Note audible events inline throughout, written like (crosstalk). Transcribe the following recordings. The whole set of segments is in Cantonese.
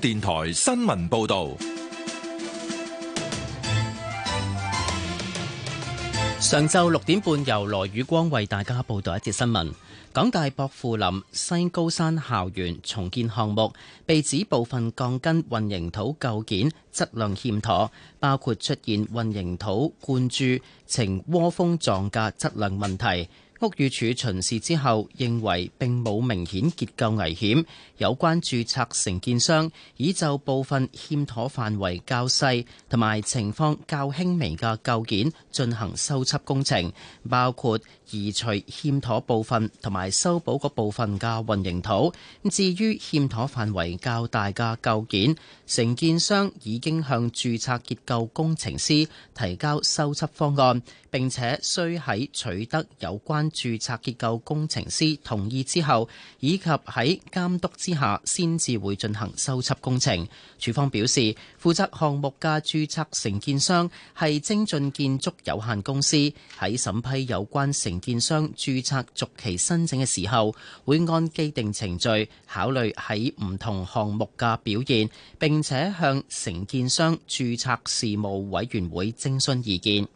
電台新聞報道：上晝六點半，由羅宇光為大家報道一節新聞。港大薄扶林西高山校園重建項目被指部分鋼筋、混凝土構件質量欠妥，包括出現混凝土灌注呈窩蜂狀嘅質量問題。屋宇署巡視之後，認為並冇明顯結構危險。有關註冊承建商已就部分欠妥範圍較細同埋情況較輕微嘅構件進行修葺工程，包括，移除欠妥部分同埋修補個部分嘅混凝土。至於欠妥範圍較大嘅構件，承建商已經向註冊結構工程師提交修葺方案，並且需喺取得有關註冊結構工程師同意之後，以及喺監督之下，先至會進行修葺工程。署方表示，負責項目嘅註冊承建商係精進建築有限公司，喺審批有關成承建商註冊續期申請嘅時候，會按既定程序考慮喺唔同項目嘅表現，並且向承建商註冊事務委員會徵詢意見。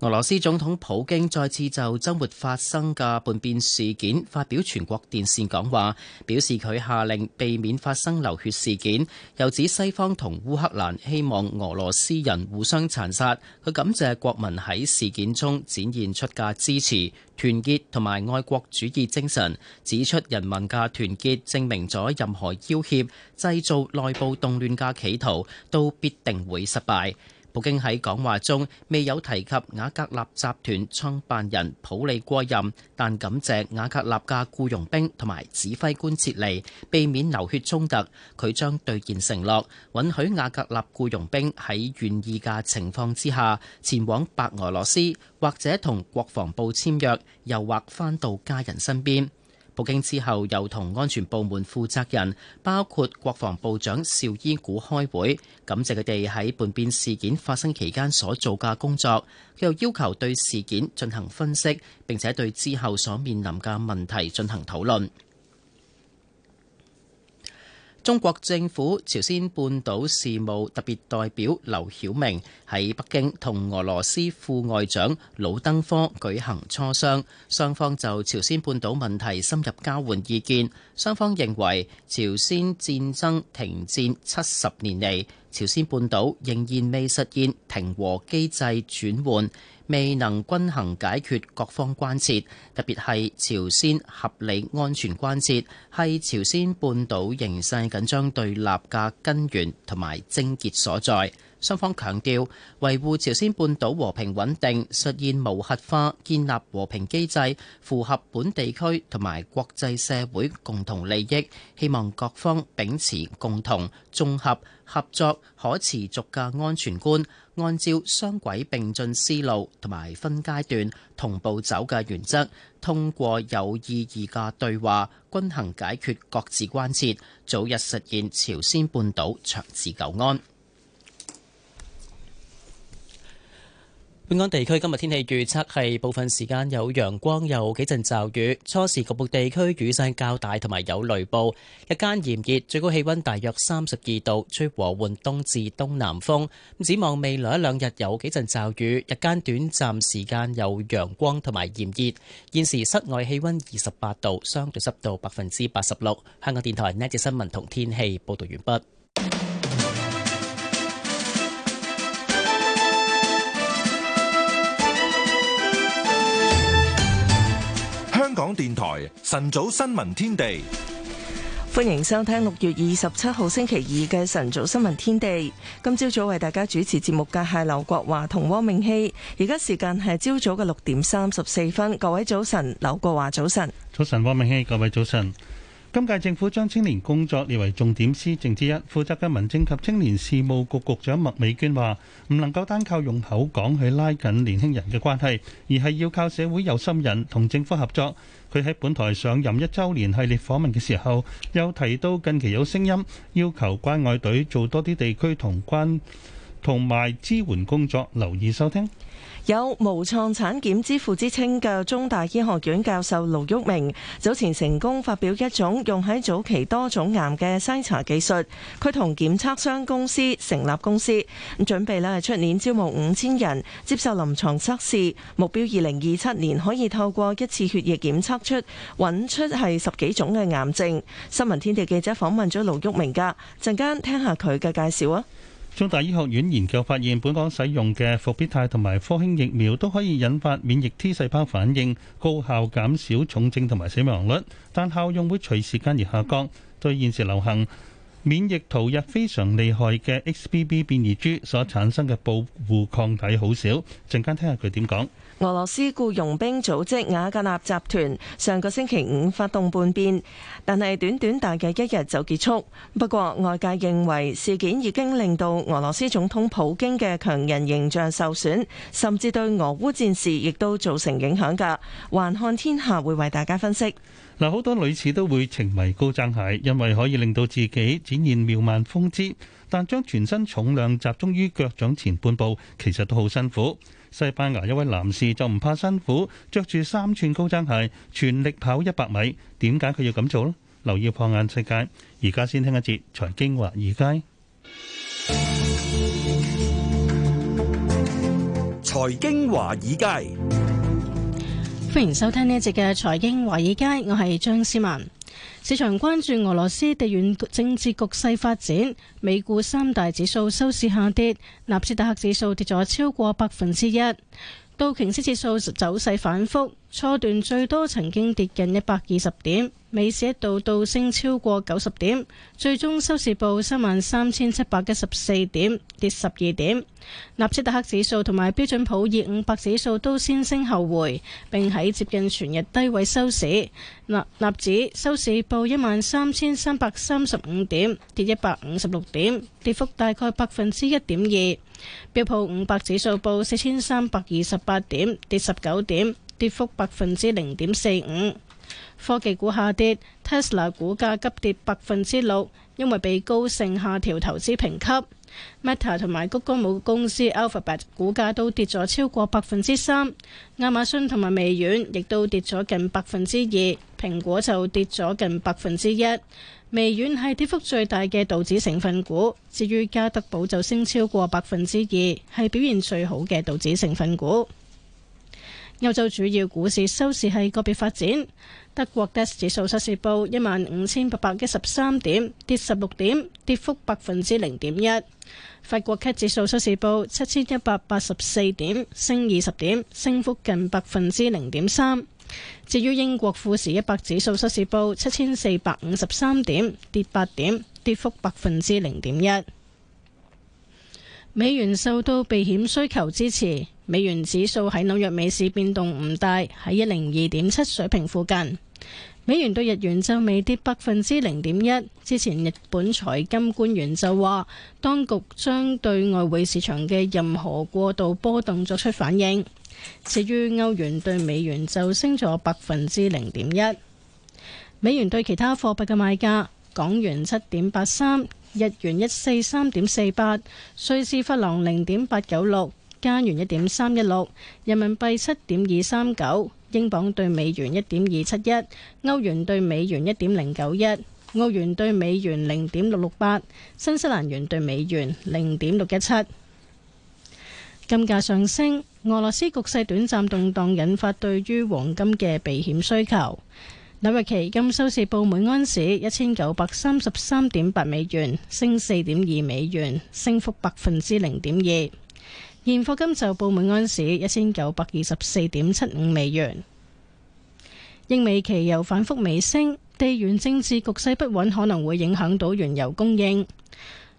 俄羅斯總統普京再次就周末發生嘅叛變事件發表全國電視講話，表示佢下令避免發生流血事件，又指西方同烏克蘭希望俄羅斯人互相殘殺。佢感謝國民喺事件中展現出嘅支持、團結同埋愛國主義精神，指出人民嘅團結證明咗任何要挾、製造內部動亂嘅企圖都必定會失敗。普京喺講話中未有提及瓦格納集團創辦人普里戈任，但感謝瓦格納嘅僱傭兵同埋指揮官撤離，避免流血衝突。佢將兌現承諾，允許瓦格納僱傭兵喺願意嘅情況之下前往白俄羅斯，或者同國防部簽約，又或返到家人身邊。普京之後又同安全部門負責人，包括國防部長紹伊古開會，感謝佢哋喺叛變事件發生期間所做嘅工作。佢又要求對事件進行分析，並且對之後所面臨嘅問題進行討論。中國政府朝鮮半島事務特別代表劉曉明喺北京同俄羅斯副外長魯登科舉行磋商，雙方就朝鮮半島問題深入交換意見。雙方認為朝鮮戰爭停戰七十年嚟。朝鮮半島仍然未實現停和機制轉換，未能均衡解決各方關切，特別係朝鮮合理安全關切，係朝鮮半島形勢緊張對立嘅根源同埋症結所在。雙方強調維護朝鮮半島和平穩定、實現無核化、建立和平機制，符合本地區同埋國際社會共同利益。希望各方秉持共同、綜合、合作、可持續嘅安全觀，按照雙軌並進思路同埋分階段同步走嘅原則，通過有意義嘅對話，均衡解決各自關切，早日實現朝鮮半島長治久安。本港地區今日天氣預測係部分時間有陽光，有幾陣驟雨。初時局部地區雨勢較大，同埋有雷暴。日間炎熱，最高氣溫大約三十二度，吹和緩東至東南風，展望未來一兩日有幾陣驟雨，日間短暫時間有陽光同埋炎熱，現時室外氣溫二十八度，相對濕度百分之八十六。香港電台呢一節新聞同天氣報道完畢。香港電台晨早新聞天地，歡迎收聽六月二十七號星期二嘅晨早新聞天地。今朝早為大家主持節目嘅係劉國華同汪明希，而家時間係朝早嘅六點三十四分。各位早晨，劉國華早晨，早晨，汪明希各位早晨。今屆政府將青年工作列為重點施政之一，負責嘅民政及青年事務局局長麥美娟話：唔能夠單靠用口講去拉近年輕人嘅關係，而係要靠社會有心人同政府合作。佢喺本台上任一周年系列訪問嘅時候，又提到近期有聲音要求關愛隊做多啲地區同關同埋支援工作，留意收聽。有無創產檢之父之稱嘅中大醫學院教授盧煜明，早前成功發表一種用喺早期多種癌嘅篩查技術。佢同檢測商公司成立公司，咁準備咧出年招募五千人接受臨床測試，目標二零二七年可以透過一次血液檢測出揾出係十幾種嘅癌症。新聞天地記者訪問咗盧煜明㗎，陣間聽下佢嘅介紹啊！中大醫學院研究發現，本港使用嘅復必泰同埋科興疫苗都可以引發免疫 T 細胞反應，高效減少重症同埋死亡率，但效用會隨時間而下降。對現時流行免疫逃逸非常厲害嘅 XBB 變異株所產生嘅保護抗體好少。陣間聽下佢點講。俄羅斯僱傭兵組織瓦格納集團上個星期五發動叛變，但係短短大嘅一日就結束。不過外界認為事件已經令到俄羅斯總統普京嘅強人形象受損，甚至對俄烏戰事亦都造成影響噶。還看天下會為大家分析。嗱，好多女士都會情迷高踭鞋，因為可以令到自己展現妙曼風姿，但將全身重量集中於腳掌前半部，其實都好辛苦。西班牙一位男士就唔怕辛苦，着住三寸高踭鞋，全力跑一百米。點解佢要咁做呢？留意放眼世界，而家先聽一節財經華爾街。財經華爾街，歡迎收聽呢一節嘅財經華爾街，爾街我係張思文。市場關注俄羅斯地緣政治局勢發展，美股三大指數收市下跌，納斯達克指數跌咗超過百分之一，道瓊斯指數走勢反覆。初段最多曾經跌近一百二十點，尾市一度倒升超過九十點，最終收市報三萬三千七百一十四點，跌十二點。納斯達克指數同埋標準普爾五百指數都先升後回，並喺接近全日低位收市。納納指收市報一萬三千三百三十五點，跌一百五十六點，跌幅大概百分之一點二。標普五百指數報四千三百二十八點，跌十九點。跌幅百分之零點四五，科技股下跌，Tesla 股價急跌百分之六，因為被高盛下調投資評級。Meta 同埋谷歌母公司 Alphabet 股價都跌咗超過百分之三，亞馬遜同埋微軟亦都跌咗近百分之二，蘋果就跌咗近百分之一。微軟係跌幅最大嘅道指成分股，至於家得寶就升超過百分之二，係表現最好嘅道指成分股。歐洲主要股市收市係個別發展，德國 DAX 指數收市報一萬五千八百一十三點，跌十六點，跌幅百分之零點一；法國 CAC 指數收市報七千一百八十四點，升二十點，升幅近百分之零點三。至於英國富時一百指數收市報七千四百五十三點，跌八點，跌幅百分之零點一。美元受到避險需求支持。美元指數喺紐約美市變動唔大，喺一零二點七水平附近。美元兌日元就未跌百分之零點一。之前日本財金官員就話，當局將對外匯市場嘅任何過度波動作出反應。至於歐元兌美元就升咗百分之零點一。美元兌其他貨幣嘅賣價：港元七點八三，日元一四三點四八，瑞士法郎零點八九六。加元一點三一六，人民幣七點二三九，英鎊兌美元一點二七一，歐元兌美元一點零九一，澳元兌美元零點六六八，新西蘭元兌美元零點六一七。金價上升，俄羅斯局勢短暫動蕩引發對於黃金嘅避險需求。紐約期金收市報每安士一千九百三十三點八美元，升四點二美元，升幅百分之零點二。現貨金就報每安士一千九百二十四點七五美元，英美期油反覆微升，地緣政治局勢不穩，可能會影響到原油供應。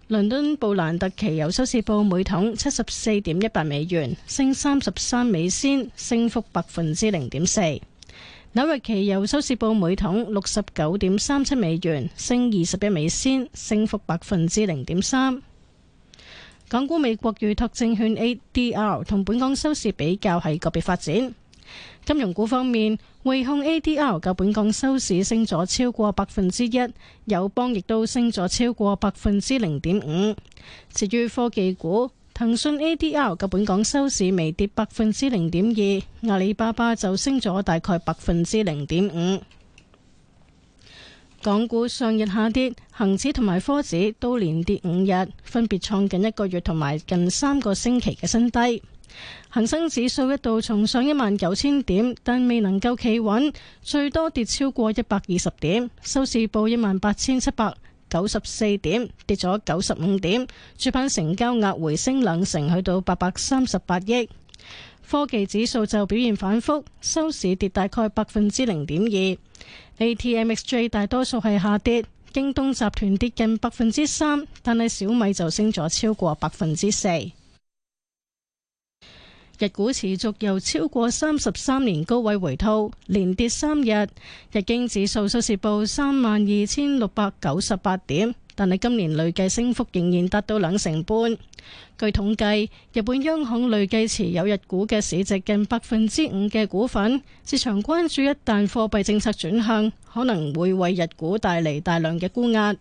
倫敦布蘭特期油收市報每桶七十四點一八美元，升三十三美仙，升幅百分之零點四。紐約期油收市報每桶六十九點三七美元，升二十一美仙，升幅百分之零點三。港股、美國預託證券 ADR 同本港收市比較係個別發展。金融股方面，匯控 ADR 較本港收市升咗超過百分之一，友邦亦都升咗超過百分之零點五。至於科技股，騰訊 ADR 嘅本港收市微跌百分之零點二，阿里巴巴就升咗大概百分之零點五。港股上日下跌，恒指同埋科指都連跌五日，分別創近一個月同埋近三個星期嘅新低。恒生指數一度重上一萬九千點，但未能夠企穩，最多跌超過一百二十點，收市報一萬八千七百九十四點，跌咗九十五點。主板成交額回升兩成，去到八百三十八億。科技指數就表現反覆，收市跌大概百分之零點二。A T M X 最大多數係下跌，京東集團跌近百分之三，但係小米就升咗超過百分之四。日股持續由超過三十三年高位回吐，連跌三日。日經指數收市報三萬二千六百九十八點。但係今年累計升幅仍然達到兩成半。據統計，日本央行累計持有日股嘅市值近百分之五嘅股份。市場關注一旦貨幣政策轉向，可能會為日股帶嚟大量嘅沽壓。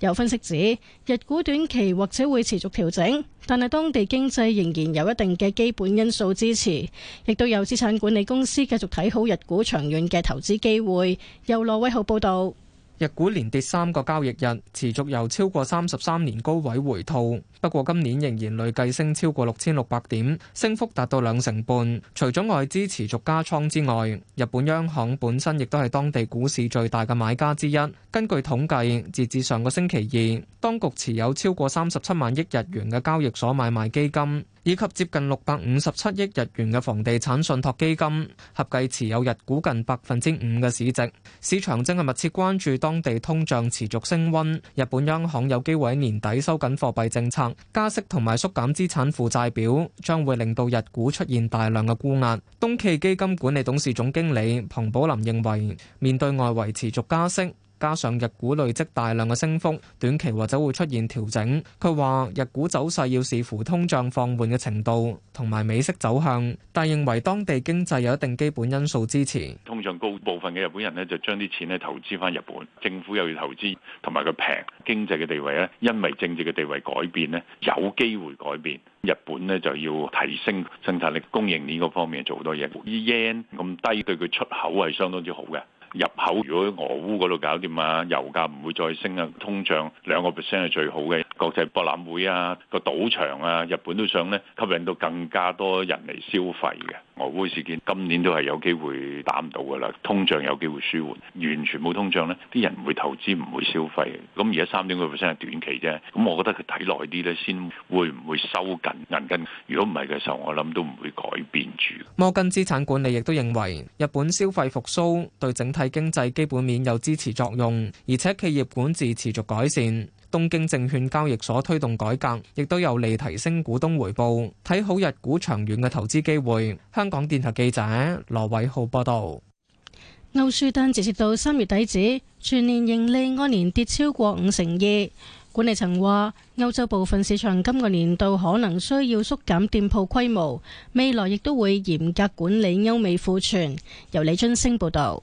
有分析指，日股短期或者會持續調整，但係當地經濟仍然有一定嘅基本因素支持，亦都有資產管理公司繼續睇好日股長遠嘅投資機會。由羅威浩報道。日股連跌三個交易日，持續由超過三十三年高位回吐。不過，今年仍然累計升超過六千六百點，升幅達到兩成半。除咗外資持續加倉之外，日本央行本身亦都係當地股市最大嘅買家之一。根據統計，截至上個星期二，當局持有超過三十七萬億日元嘅交易所買賣基金，以及接近六百五十七億日元嘅房地產信託基金，合計持有日股近百分之五嘅市值。市場正係密切關注當地通脹持續升温，日本央行有機會喺年底收緊貨幣政策，加息同埋縮減資產負債表，將會令到日股出現大量嘅沽壓，東驥基金管理董事總經理龐寶林認為，面對外圍持續加息，加上日股累積大量嘅升幅，短期或者會出現調整。佢話：日股走勢要視乎通脹放緩嘅程度同埋美息走向，但係認為當地經濟有一定基本因素支持。通脹高，部分嘅日本人呢，就將啲錢呢投資翻日本，政府又要投資，同埋佢平經濟嘅地位呢，因為政治嘅地位改變呢，有機會改變。日本呢，就要提升生產力、供應鏈嗰方面做好多嘢。而 yen 咁低，對佢出口係相當之好嘅。入口如果喺俄烏嗰度搞掂啊，油價唔會再升啊，通脹兩個 percent 係最好嘅。國際博覽會啊，個賭場啊，日本都想呢，吸引到更加多人嚟消費嘅。俄烏事件今年都係有機會打唔到噶啦，通脹有機會舒緩，完全冇通脹呢啲人唔會投資，唔會消費。咁而家三點六 percent 係短期啫，咁我覺得佢睇耐啲咧，先會唔會收緊銀根？如果唔係嘅時候，我諗都唔會改變住。摩根資產管理亦都認為，日本消費復甦對整體經濟基本面有支持作用，而且企業管治持續改善。東京證券交易所推動改革，亦都有利提升股東回報，睇好日股長遠嘅投資機會。香港電台記者羅偉浩報道。歐舒丹截至到三月底止，全年盈利按年跌超過五成二。管理層話，歐洲部分市場今個年度可能需要縮減店鋪規模，未來亦都會嚴格管理歐美庫存。由李津升報道。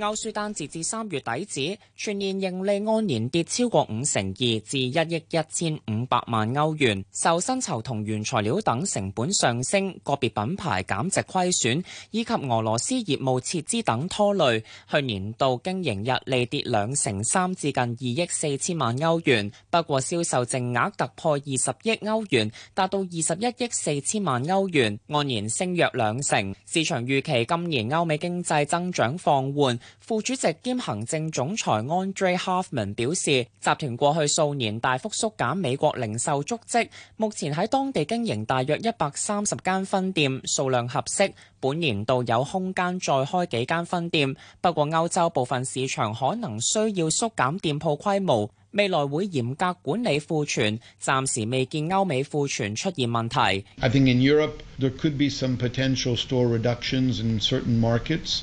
歐舒丹截至三月底止，全年盈利按年跌超過五成二，至一億一千五百萬歐元，受薪酬同原材料等成本上升，個別品牌減值虧損以及俄羅斯業務撤資等拖累。去年度經營溢利跌兩成三，至近二億四千萬歐元。不過銷售淨額突破二十億歐元，達到二十一億四千萬歐元，按年升約兩成。市場預期今年歐美經濟增長放緩。副主席兼行政總裁 Andre Hoffman 表示，集團過去數年大幅縮減美國零售足跡，目前喺當地經營大約一百三十間分店，數量合適。本年度有空間再開幾間分店，不過歐洲部分市場可能需要縮減店鋪規模。未來會嚴格管理庫存，暫時未見歐美庫存出現問題。I think in Europe there could be some potential store reductions in certain markets.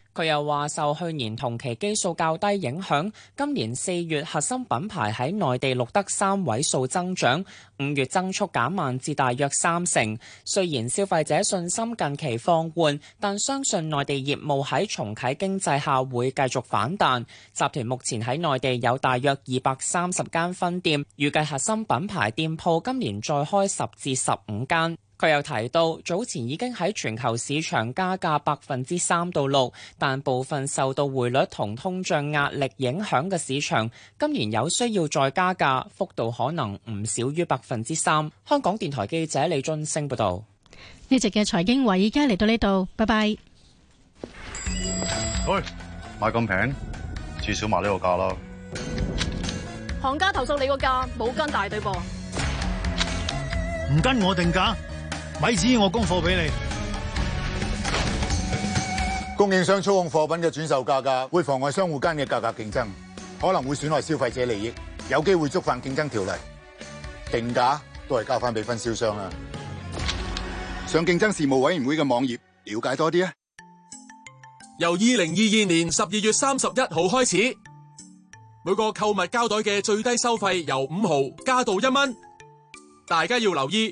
佢又話：受去年同期基數較低影響，今年四月核心品牌喺內地錄得三位數增長，五月增速減慢至大約三成。雖然消費者信心近期放緩，但相信內地業務喺重啟經濟下會繼續反彈。集團目前喺內地有大約二百三十間分店，預計核心品牌店鋪今年再開十至十五間。佢又提到，早前已經喺全球市場加價百分之三到六，6, 但部分受到匯率同通脹壓力影響嘅市場，今年有需要再加價，幅度可能唔少於百分之三。香港電台記者李俊升報道。一直嘅財經話，而家嚟到呢度，拜拜。喂，賣咁平，至少賣呢個價囉。行家投訴你個價冇跟大隊噃，唔跟我定價。咪子，我供貨俾你。供應商操控貨品嘅轉售價格，會妨礙商戶間嘅價格競爭，可能會損害消費者利益，有機會觸犯競爭條例。定價都係交翻俾分銷商啦。上競爭事務委員會嘅網頁了解多啲啊！由二零二二年十二月三十一號開始，每個購物膠袋嘅最低收費由五毫加到一蚊，大家要留意。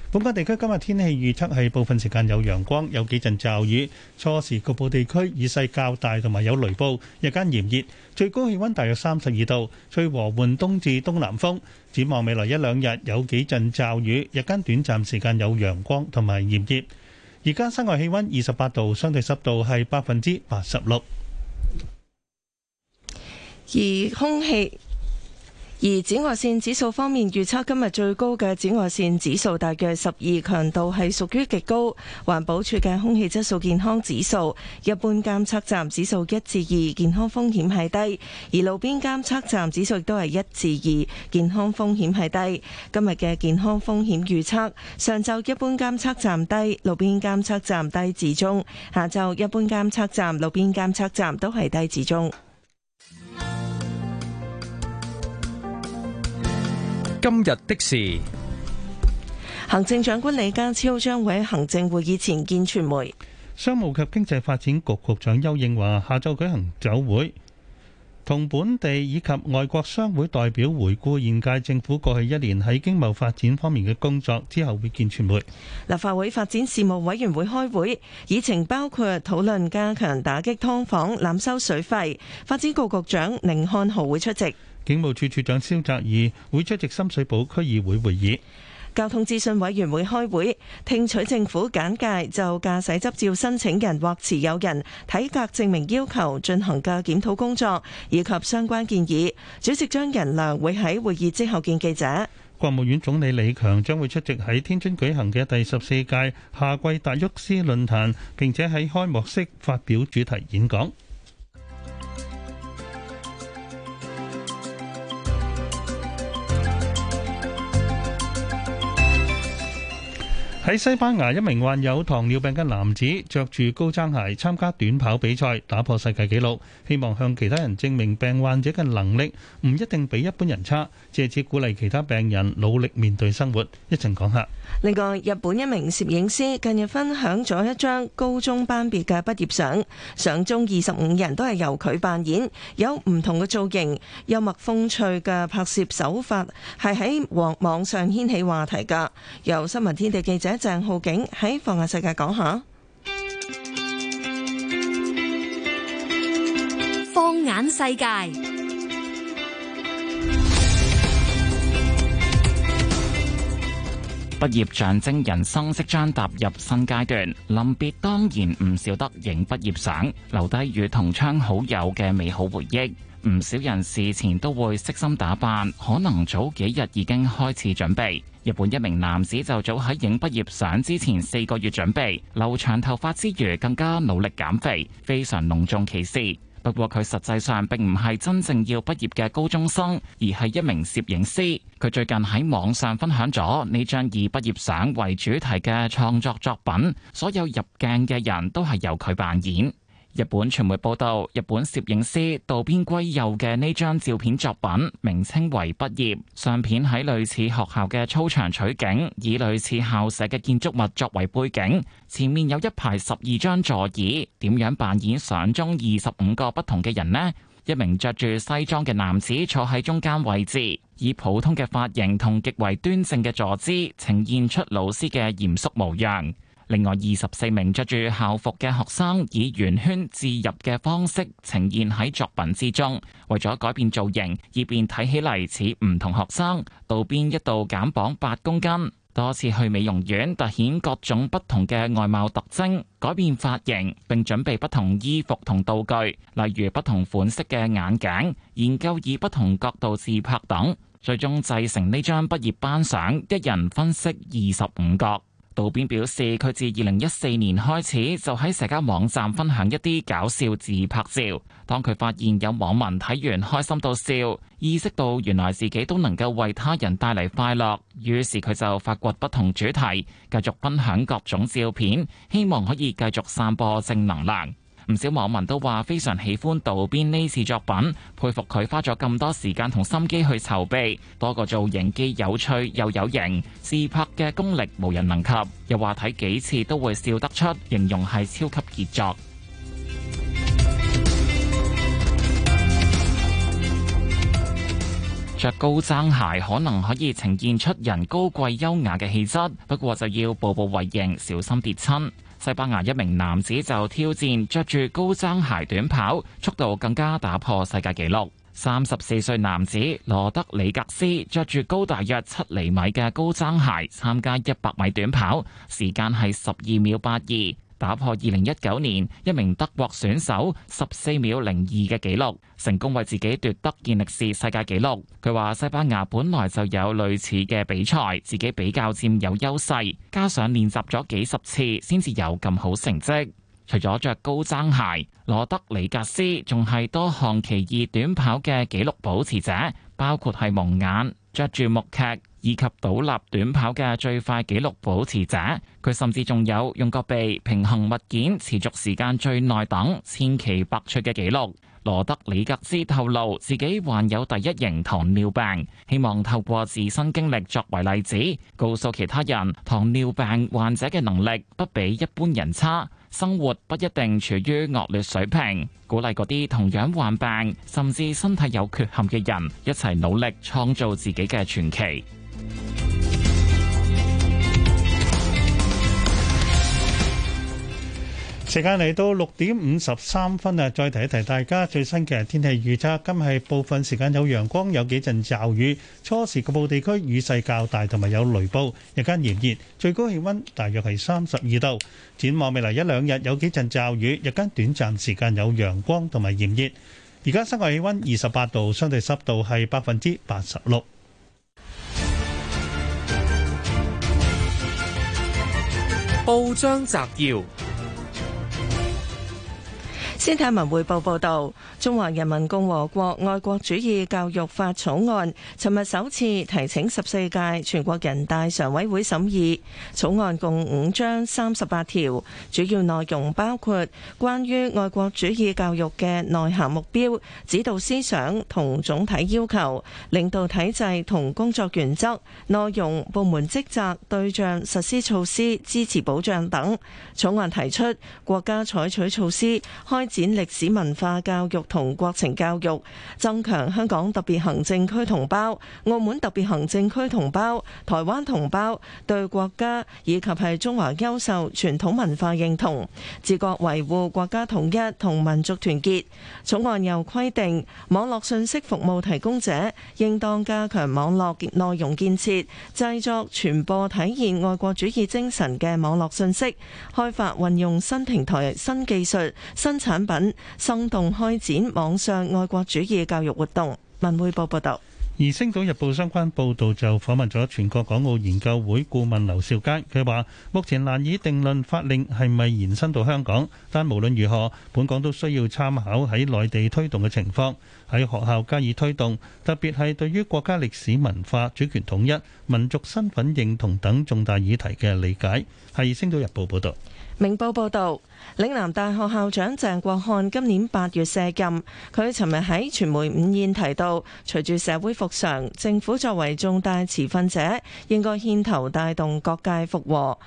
本港地區今日天氣預測係部分時間有陽光，有幾陣驟雨。初時局部地區雨勢較大，同埋有雷暴。日間炎熱，最高氣溫大約三十二度。吹和緩東至東南風。展望未來一兩日有幾陣驟雨，日間短暫時間有陽光同埋炎熱。而家室外氣温二十八度，相對濕度係百分之八十六。而空氣。而紫外線指數方面，預測今日最高嘅紫外線指數大約十二，強度係屬於極高。環保署嘅空氣質素健康指數，一般監測站指數一至二，2，健康風險係低；而路邊監測站指數亦都係一至二，2，健康風險係低。今日嘅健康風險預測，上晝一般監測站低，路邊監測站低至中；下晝一般監測站、路邊監測站都係低至中。今日的事，行政長官李家超將會喺行政會議前見傳媒。商務及經濟發展局局長丘應樺下晝舉行酒會，同本地以及外國商會代表回顧現屆政府過去一年喺經貿發展方面嘅工作，之後會見傳媒。立法會發展事務委員會開會，議程包括討論加強打擊劏房濫收水費。發展局局長甯漢豪會出席。警務處處長蕭澤頤會出席深水埗區議會會議。交通諮詢委員會開會，聽取政府簡介就駕駛執照申請人或持有人體格證明要求進行嘅檢討工作，以及相關建議。主席張仁良會喺會議之後見記者。國務院總理李強將會出席喺天津舉行嘅第十四屆夏季達沃斯論壇，並且喺開幕式發表主題演講。喺西班牙，一名患有糖尿病嘅男子着住高踭鞋參加短跑比賽，打破世界紀錄，希望向其他人證明病患者嘅能力唔一定比一般人差，借此鼓勵其他病人努力面對生活。一陣講下。另外，日本一名攝影師近日分享咗一張高中班別嘅畢業相，相中二十五人都係由佢扮演，有唔同嘅造型、幽默風趣嘅拍攝手法，係喺網上掀起話題㗎。由新聞天地記者鄭浩景喺放眼世界講下，放眼世界。說說。畢業象徵人生即將踏入新階段，臨別當然唔少得影畢業相，留低與同窗好友嘅美好回憶。唔少人事前都會悉心打扮，可能早幾日已經開始準備。日本一名男子就早喺影畢業相之前四個月準備，留長頭髮之餘，更加努力減肥，非常隆重其事。不過佢實際上並唔係真正要畢業嘅高中生，而係一名攝影師。佢最近喺網上分享咗呢張以畢業相為主題嘅創作作品，所有入鏡嘅人都係由佢扮演。日本傳媒報道，日本攝影師渡邊圭佑嘅呢張照片作品，名稱為畢業。相片喺類似學校嘅操場取景，以類似校舍嘅建築物作為背景，前面有一排十二張座椅。點樣扮演相中二十五個不同嘅人呢？一名着住西裝嘅男子坐喺中間位置，以普通嘅髮型同極為端正嘅坐姿，呈現出老師嘅嚴肅模樣。另外，二十四名着住校服嘅學生以圓圈置入嘅方式呈現喺作品之中，為咗改變造型，以便睇起嚟似唔同學生。道邊一度減磅八公斤，多次去美容院突顯各種不同嘅外貌特徵，改變髮型，並準備不同衣服同道具，例如不同款式嘅眼鏡，研究以不同角度自拍等，最終製成呢張畢業班相，一人分飾二十五角。渡邊表示，佢自二零一四年開始就喺社交網站分享一啲搞笑自拍照。當佢發現有網民睇完開心到笑，意識到原來自己都能夠為他人帶嚟快樂，於是佢就發掘不同主題，繼續分享各種照片，希望可以繼續散播正能量。唔少網民都話非常喜歡渡邊呢次作品，佩服佢花咗咁多時間同心機去籌備，多個造型既有趣又有型，自拍嘅功力無人能及。又話睇幾次都會笑得出，形容係超級傑作。着高踭鞋可能可以呈現出人高貴優雅嘅氣質，不過就要步步為營，小心跌親。西班牙一名男子就挑戰着住高踭鞋短跑，速度更加打破世界紀錄。三十四歲男子羅德里格斯着住高大約七厘米嘅高踭鞋，參加一百米短跑，時間係十二秒八二。打破二零一九年一名德國選手十四秒零二嘅紀錄，成功為自己奪得健力士世界紀錄。佢話西班牙本來就有類似嘅比賽，自己比較佔有優勢，加上練習咗幾十次先至有咁好成績。除咗着高踭鞋，羅德里格斯仲係多項奇異短跑嘅紀錄保持者，包括係蒙眼、着住木屐。以及倒立短跑嘅最快紀錄保持者，佢甚至仲有用個鼻平衡物件持續時間最耐等千奇百趣嘅紀錄。羅德里格斯透露自己患有第一型糖尿病，希望透過自身經歷作為例子，告訴其他人糖尿病患者嘅能力不比一般人差，生活不一定處於惡劣水平，鼓勵嗰啲同樣患病甚至身體有缺陷嘅人一齊努力創造自己嘅傳奇。時間嚟到六點五十三分啊！再提一提大家最新嘅天氣預測。今日部分時間有陽光，有幾陣驟雨。初時局部地區雨勢較大，同埋有雷暴。日間炎熱，最高氣温大約係三十二度。展望未來一兩日有幾陣驟雨，日間短暫時間有陽光同埋炎熱。而家室外氣温二十八度，相對濕度係百分之八十六。報章摘要。先睇文匯報報道，中華人民共和國愛國主義教育法草案，尋日首次提請十四屆全國人大常委會審議。草案共五章三十八條，主要內容包括關於愛國主義教育嘅內涵目標、指導思想同總體要求、領導體制同工作原則、內容、部門職責、對象、實施措施、支持保障等。草案提出，國家採取措施開展歷史文化教育同國情教育，增強香港特別行政區同胞、澳門特別行政區同胞、台灣同胞對國家以及係中華優秀傳統文化認同，自覺維護國家統一同民族團結。草案又規定，網絡信息服務提供者應當加強網絡內容建設，製作傳播體現愛國主義精神嘅網絡信息，開發運用新平台、新技術生產。品生動開展網上愛國主義教育活動。文匯報報道，而《星島日報》相關報道就訪問咗全國港澳研究會顧問劉兆佳，佢話目前難以定論法令係咪延伸到香港，但無論如何，本港都需要參考喺內地推動嘅情況，喺學校加以推動，特別係對於國家歷史文化、主權統一、民族身份認同等重大議題嘅理解。係《星島日報》報道。明報報導，嶺南大學校長鄭國漢今年八月卸任。佢尋日喺傳媒午宴提到，隨住社會復常，政府作為重大持份者，應該牽頭帶動各界復和。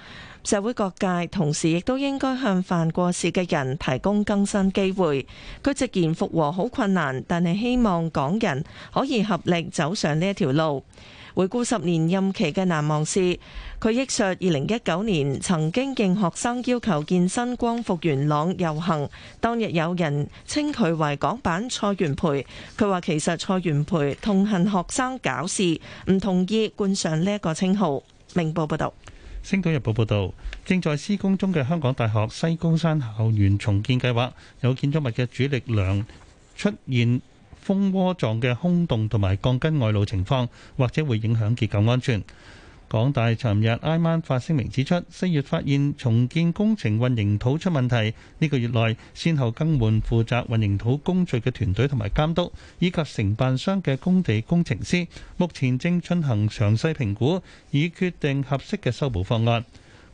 社會各界同時亦都應該向犯過事嘅人提供更新機會。佢直言復和好困難，但係希望港人可以合力走上呢一條路。回顧十年任期嘅難忘事，佢憶述：二零一九年曾經應學生要求健身、光復元朗遊行，當日有人稱佢為港版蔡元培。佢話其實蔡元培痛恨學生搞事，唔同意冠上呢一個稱號。明報報導，《星島日報》報道：「正在施工中嘅香港大學西高山校園重建計劃，有建築物嘅主力梁出現蜂窩狀嘅空洞同埋鋼筋外露情況，或者會影響結構安全。港大尋日挨晚發聲明指出，四月發現重建工程混凝土出問題，呢、這個月內先後更換負責混凝土工序嘅團隊同埋監督，以及承辦商嘅工地工程師，目前正進行詳細評估，以決定合適嘅修補方案。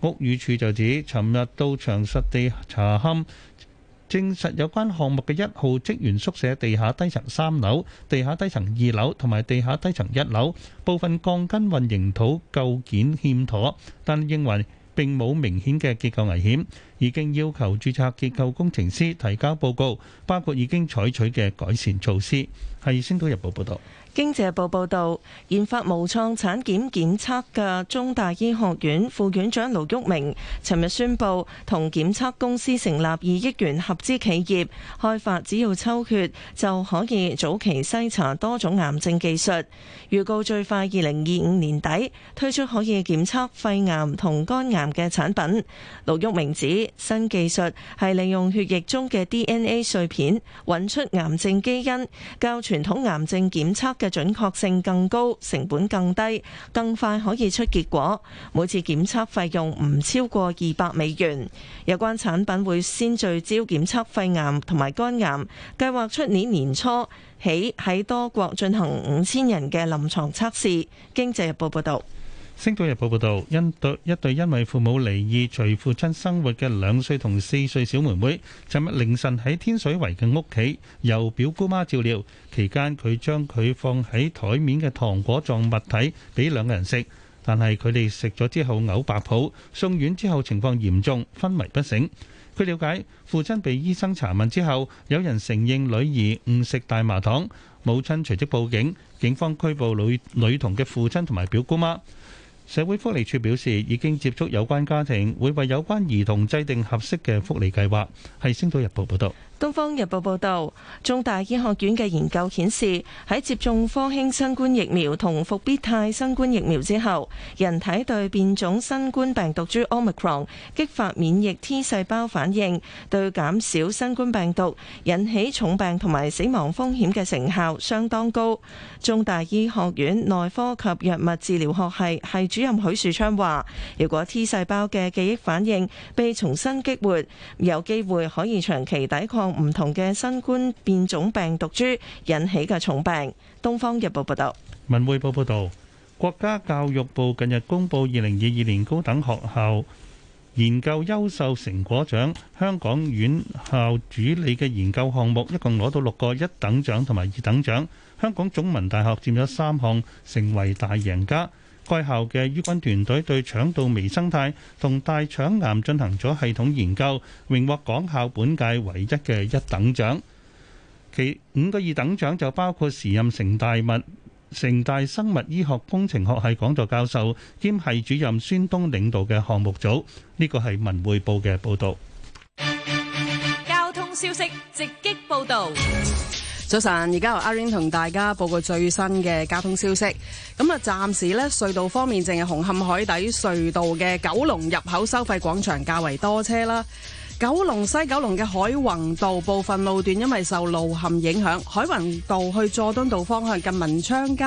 屋宇署就指，尋日到場實地查勘。證實有關項目嘅一號職員宿舍地下低層三樓、地下低層二樓同埋地下低層一樓部分鋼筋混凝土構件欠妥，但認為並冇明顯嘅結構危險，已經要求註冊結構工程師提交報告，包括已經採取嘅改善措施。係《星島日報》報道。《經濟報》報導，研發無創產檢檢測嘅中大醫學院副院長盧煜明，尋日宣布同檢測公司成立二億元合資企業，開發只要抽血就可以早期篩查多種癌症技術。預告最快二零二五年底推出可以檢測肺癌同肝癌嘅產品。盧煜明指，新技術係利用血液中嘅 DNA 碎片搵出癌症基因，較傳統癌症檢測嘅準確性更高，成本更低，更快可以出結果。每次檢測費用唔超過二百美元。有關產品會先聚焦檢測肺癌同埋肝癌，計劃出年年初起喺多國進行五千人嘅臨牀測試。經濟日報報道。星島日報報導，一對一對因為父母離異，隨父親生活嘅兩歲同四歲小妹妹，尋日凌晨喺天水圍嘅屋企由表姑媽照料。期間佢將佢放喺台面嘅糖果狀物體俾兩個人食，但係佢哋食咗之後嘔白泡，送院之後情況嚴重，昏迷不醒。據瞭解，父親被醫生查問之後，有人承認女兒誤食大麻糖，母親隨即報警，警方拘捕女女童嘅父親同埋表姑媽。社會福利署表示，已經接觸有關家庭，會為有關兒童制定合適嘅福利計劃。係《星島日報》報道。東方日報報道，中大醫學院嘅研究顯示，喺接種科興新冠疫苗同復必泰新冠疫苗之後，人體對變種新冠病毒株 Omicron 激發免疫 T 細胞反應，對減少新冠病毒引起重病同埋死亡風險嘅成效相當高。中大醫學院內科及藥物治療學系系主任許樹昌話，如果 T 細胞嘅記憶反應被重新激活，有機會可以長期抵抗。同唔同嘅新冠變種病毒株引起嘅重病。東方日報報道，文匯報報道，國家教育部近日公布二零二二年高等學校研究優秀成果獎，香港院校主理嘅研究項目一共攞到六個一等獎同埋二等獎，香港中文大學佔咗三項，成為大贏家。該校嘅醫軍團隊對腸道微生態同大腸癌進行咗系統研究，榮獲港校本屆唯一嘅一等獎。其五個二等獎就包括時任城大物城大生物醫學工程學系講座教授兼系主任孫東領導嘅項目組。呢個係文匯報嘅報導。交通消息直擊報導。早晨，而家由阿 r a 同大家報告最新嘅交通消息。咁啊，暫時咧隧道方面，淨係紅磡海底隧道嘅九龍入口收費廣場較為多車啦。九龍西九龍嘅海雲道部分路段，因為受路陷影響，海雲道去佐敦道方向近文昌街、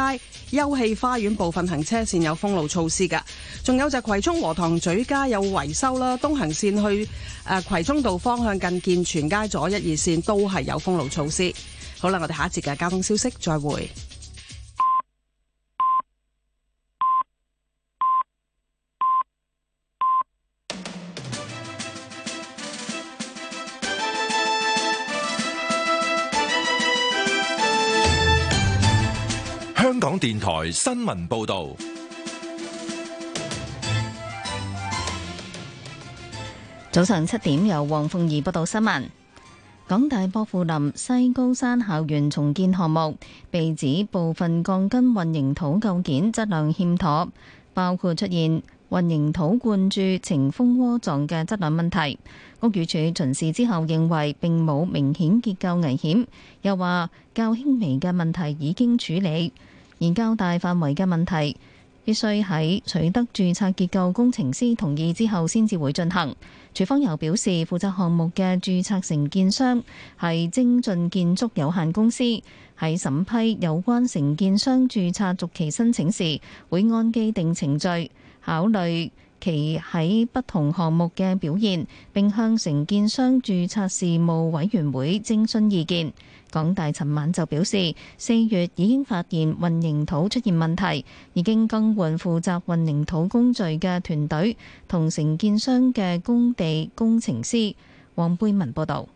休氣花園部分行車線有封路措施噶仲有只葵涌和塘咀街有維修啦，東行線去誒葵涌道方向近健全街左一二線都係有封路措施。好啦，我哋下一節嘅交通消息再會。香港電台新聞報道，早上七點由黃鳳儀報道新聞。港大薄扶林西高山校園重建項目被指部分鋼筋混凝土構件質量欠妥，包括出現混凝土灌注呈蜂窩狀嘅質量問題。屋宇署巡視之後認為，並冇明顯結構危險，又話較輕微嘅問題已經處理，而較大範圍嘅問題必須喺取得注冊結構工程師同意之後先至會進行。署方又表示，負責項目嘅註冊承建商係精進建築有限公司，喺審批有關承建商註冊續期申請時，會按既定程序考慮其喺不同項目嘅表現，並向承建商註冊事務委員會徵詢意見。港大尋晚就表示，四月已經發現混凝土出現問題，已經更換負責混凝土工序嘅團隊同承建商嘅工地工程師。黃貝文報導，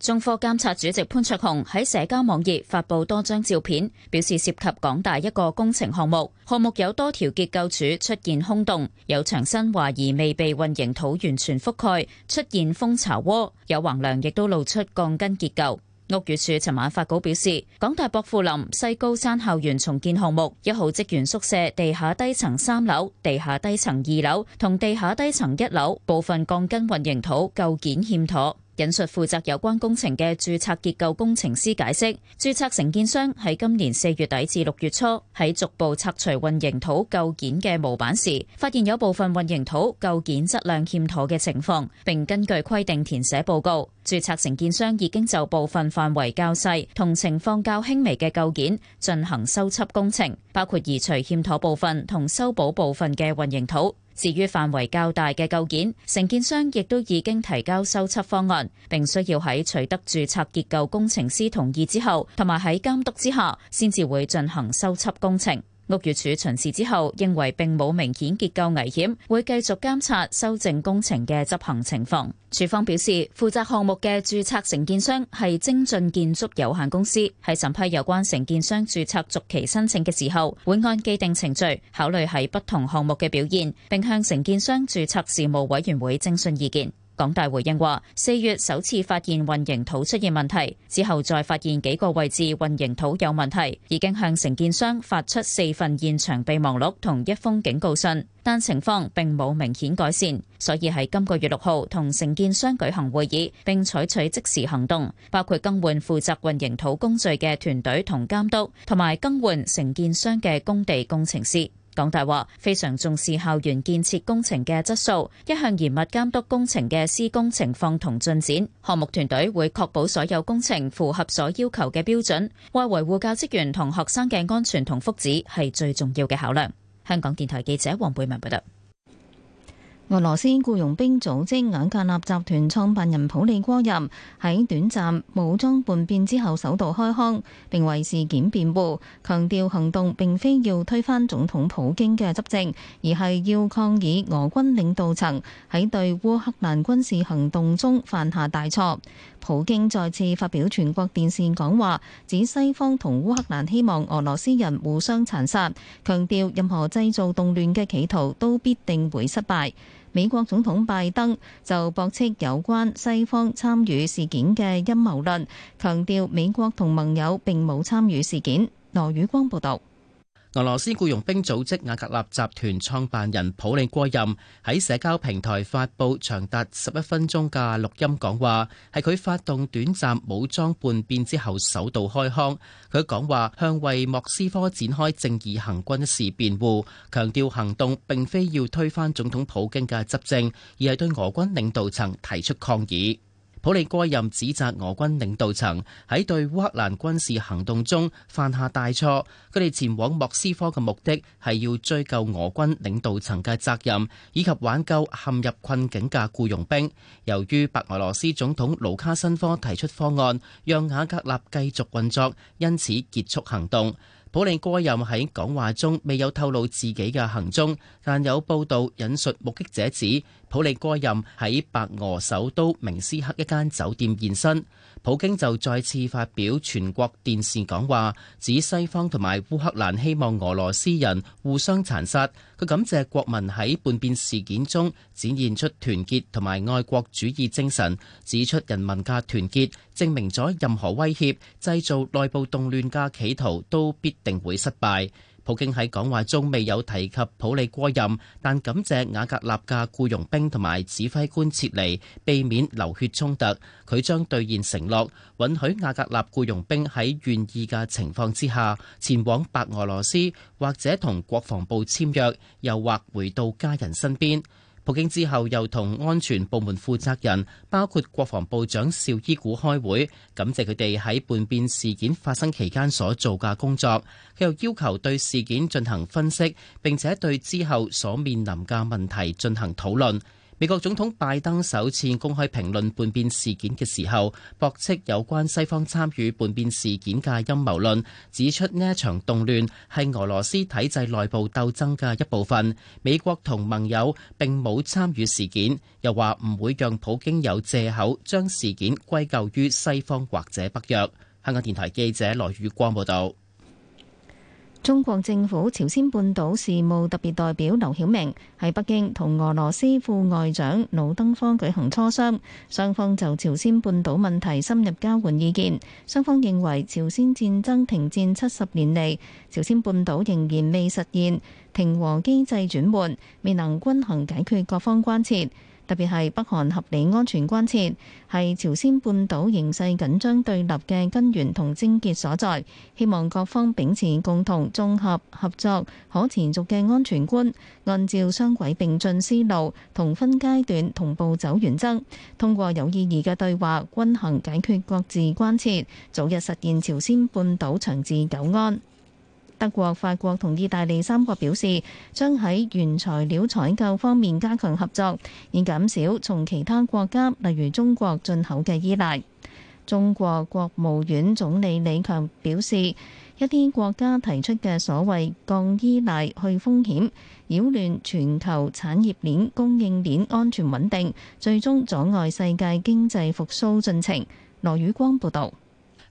中科監察主席潘卓雄喺社交網頁發布多張照片，表示涉及港大一個工程項目，項目有多條結構柱出現空洞，有牆身懷疑未被混凝土完全覆蓋，出現蜂巢窩，有橫梁亦都露出鋼筋結構。屋宇署尋晚發稿表示，港大薄扶林西高山校園重建項目一號職員宿舍地下低層三樓、地下低層二樓同地下低層一樓部分鋼筋混凝土構件欠妥。引述負責有關工程嘅注冊結構工程師解釋，注冊承建商喺今年四月底至六月初喺逐步拆除混凝土構件嘅模板時，發現有部分混凝土構件質量欠妥嘅情況，並根據規定填寫報告。注冊承建商已經就部分範圍較細同情況較輕微嘅構件進行修葺工程，包括移除欠妥部分同修補部分嘅混凝土。至於範圍較大嘅構件，承建商亦都已經提交修葺方案，並需要喺取得註冊結構工程師同意之後，同埋喺監督之下，先至會進行修葺工程。屋宇署巡視之後，認為並冇明顯結構危險，會繼續監察修正工程嘅執行情況。署方表示，負責項目嘅註冊承建商係精進建築有限公司，喺審批有關承建商註冊續期申請嘅時候，會按既定程序考慮喺不同項目嘅表現，並向承建商註冊事務委員會徵詢意見。港大回應話：四月首次發現混凝土出現問題，之後再發現幾個位置混凝土有問題，已經向承建商發出四份現場備忘錄同一封警告信，但情況並冇明顯改善，所以喺今個月六號同承建商舉行會議，並採取即時行動，包括更換負責混凝土工序嘅團隊同監督，同埋更換承建商嘅工地工程師。港大話非常重視校園建設工程嘅質素，一向嚴密監督工程嘅施工情況同進展，項目團隊會確保所有工程符合所要求嘅標準。為維護教職員同學生嘅安全同福祉係最重要嘅考量。香港電台記者黃貝文報道。俄羅斯僱傭兵組織“瓦格納集團”創辦人普利戈任喺短暫武裝叛變之後首度開腔，並為事件辯護，強調行動並非要推翻總統普京嘅執政，而係要抗議俄軍領導層喺對烏克蘭軍事行動中犯下大錯。普京再次發表全國電視講話，指西方同烏克蘭希望俄羅斯人互相殘殺，強調任何製造動亂嘅企圖都必定會失敗。美國總統拜登就駁斥有關西方參與事件嘅陰謀論，強調美國同盟友並冇參與事件。羅宇光報道。俄羅斯僱傭兵組織瓦格納集團創辦人普利戈任喺社交平台發佈長達十一分鐘嘅錄音講話，係佢發動短暫武裝叛變之後首度開腔。佢講話向為莫斯科展開正義行軍一事辯護，強調行動並非要推翻總統普京嘅執政，而係對俄軍領導層提出抗議。普利里戈任指責俄軍領導層喺對烏克蘭軍事行動中犯下大錯，佢哋前往莫斯科嘅目的係要追究俄軍領導層嘅責任，以及挽救陷入困境嘅僱傭兵。由於白俄羅斯總統盧卡申科提出方案，讓瓦格納繼續運作，因此結束行動。普利戈任喺講話中未有透露自己嘅行蹤，但有報道引述目擊者指，普利戈任喺白俄首都明斯克一間酒店現身。普京就再次發表全國電視講話，指西方同埋烏克蘭希望俄羅斯人互相殘殺。佢感謝國民喺叛變事件中展現出團結同埋愛國主義精神，指出人民嘅團結證明咗任何威脅、製造內部動亂嘅企圖都必定會失敗。普京喺講話中未有提及普里戈任，但感謝瓦格納嘅僱傭兵同埋指揮官撤離，避免流血衝突。佢將兌現承諾，允許瓦格納僱傭兵喺願意嘅情況之下前往白俄羅斯，或者同國防部簽約，又或回到家人身邊。普京之後又同安全部門負責人，包括國防部長紹伊古開會，感謝佢哋喺叛變事件發生期間所做嘅工作。佢又要求對事件進行分析，並且對之後所面臨嘅問題進行討論。美國總統拜登首次公開評論叛變事件嘅時候，駁斥有關西方參與叛變事件嘅陰謀論，指出呢場動亂係俄羅斯體制內部鬥爭嘅一部分，美國同盟友並冇參與事件，又話唔會讓普京有借口將事件歸咎於西方或者北約。香港電台記者羅宇光報道。中國政府朝鮮半島事務特別代表劉曉明喺北京同俄羅斯副外長魯登科舉行磋商，雙方就朝鮮半島問題深入交換意見。雙方認為，朝鮮戰爭停戰七十年嚟，朝鮮半島仍然未實現停和機制轉換，未能均衡解決各方關切。特別係北韓合理安全關切，係朝鮮半島形勢緊張對立嘅根源同症結所在，希望各方秉持共同、綜合、合作、可持續嘅安全觀，按照雙軌並進思路，同分階段同步走原則，通過有意義嘅對話均衡解決各自關切，早日實現朝鮮半島長治久安。德國、法國同意大利三國表示，將喺原材料採購方面加強合作，以減少從其他國家，例如中國，進口嘅依賴。中國國務院總理李強表示，一啲國家提出嘅所謂降依賴、去風險，擾亂全球產業鏈、供應鏈安全穩定，最終阻礙世界經濟復甦進程。羅宇光報道。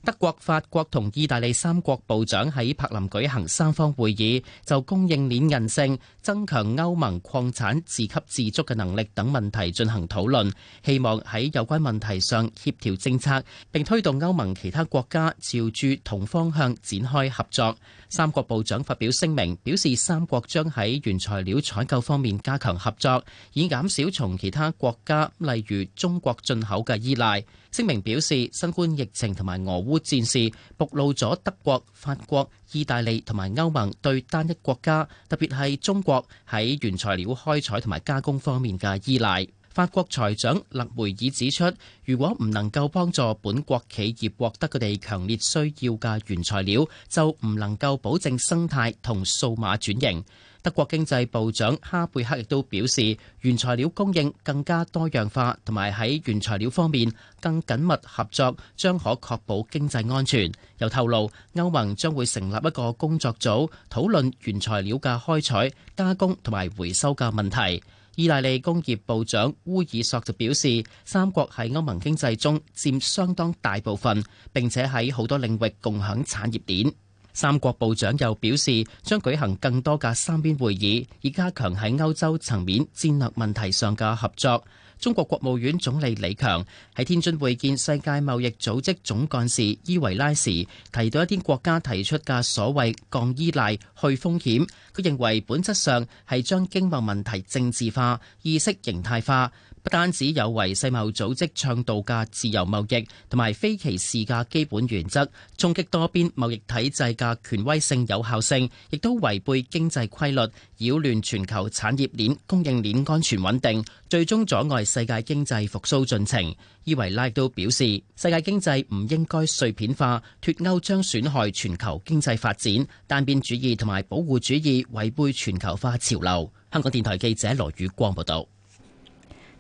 德國、法國同意大利三國部長喺柏林舉行三方會議，就供應鏈韌性增強歐盟礦產自給自足嘅能力等問題進行討論，希望喺有關問題上協調政策，並推動歐盟其他國家朝住同方向展開合作。三國部長發表聲明，表示三國將喺原材料採購方面加強合作，以減少從其他國家例如中國進口嘅依賴。聲明表示，新冠疫情同埋俄烏戰事暴露咗德國、法國。意大利同埋歐盟對單一國家，特別係中國喺原材料開採同埋加工方面嘅依賴。法國財長勒梅爾指出，如果唔能夠幫助本國企業獲得佢哋強烈需要嘅原材料，就唔能夠保證生態同數碼轉型。德國經濟部長哈貝克亦都表示，原材料供應更加多樣化，同埋喺原材料方面更緊密合作，將可確保經濟安全。又透露，歐盟將會成立一個工作組，討論原材料嘅開採、加工同埋回收嘅問題。意大利工業部長烏爾索就表示，三國喺歐盟經濟中佔相當大部分，並且喺好多領域共享產業鏈。三國部長又表示，將舉行更多嘅三邊會議，以加強喺歐洲層面戰略問題上嘅合作。中國國務院總理李強喺天津會見世界貿易組織總幹事伊維拉時，提到一啲國家提出嘅所謂降依賴、去風險，佢認為本質上係將經貿問題政治化、意識形態化。.不單止有違世貿組織倡導嘅自由貿易同埋非歧視嘅基本原則，衝擊多邊貿易體制嘅權威性有效性，亦都違背經濟規律，擾亂全球產業鏈供應鏈安全穩定，最終阻礙世界經濟復甦進程。伊維拉都表示，世界經濟唔應該碎片化，脱歐將損害全球經濟發展，單邊主義同埋保護主義違背全球化潮流。香港電台記者羅宇光報道。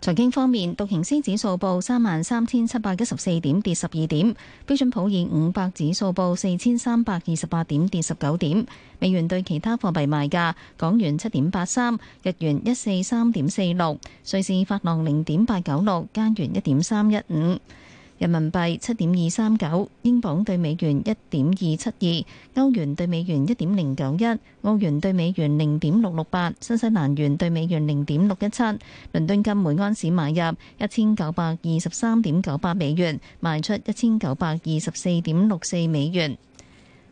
財經方面，道瓊斯指數報3萬3,714點，跌十二點；標準普爾500指數報4,328點，跌十九點。美元對其他貨幣賣價，港元7.83，日元143.46，瑞士法郎0.896，加元1.315。人民幣七點二三九，英鎊對美元一點二七二，歐元對美元一點零九一，澳元對美元零點六六八，新西蘭元對美元零點六一七。倫敦金每安士買入一千九百二十三點九八美元，賣出一千九百二十四點六四美元。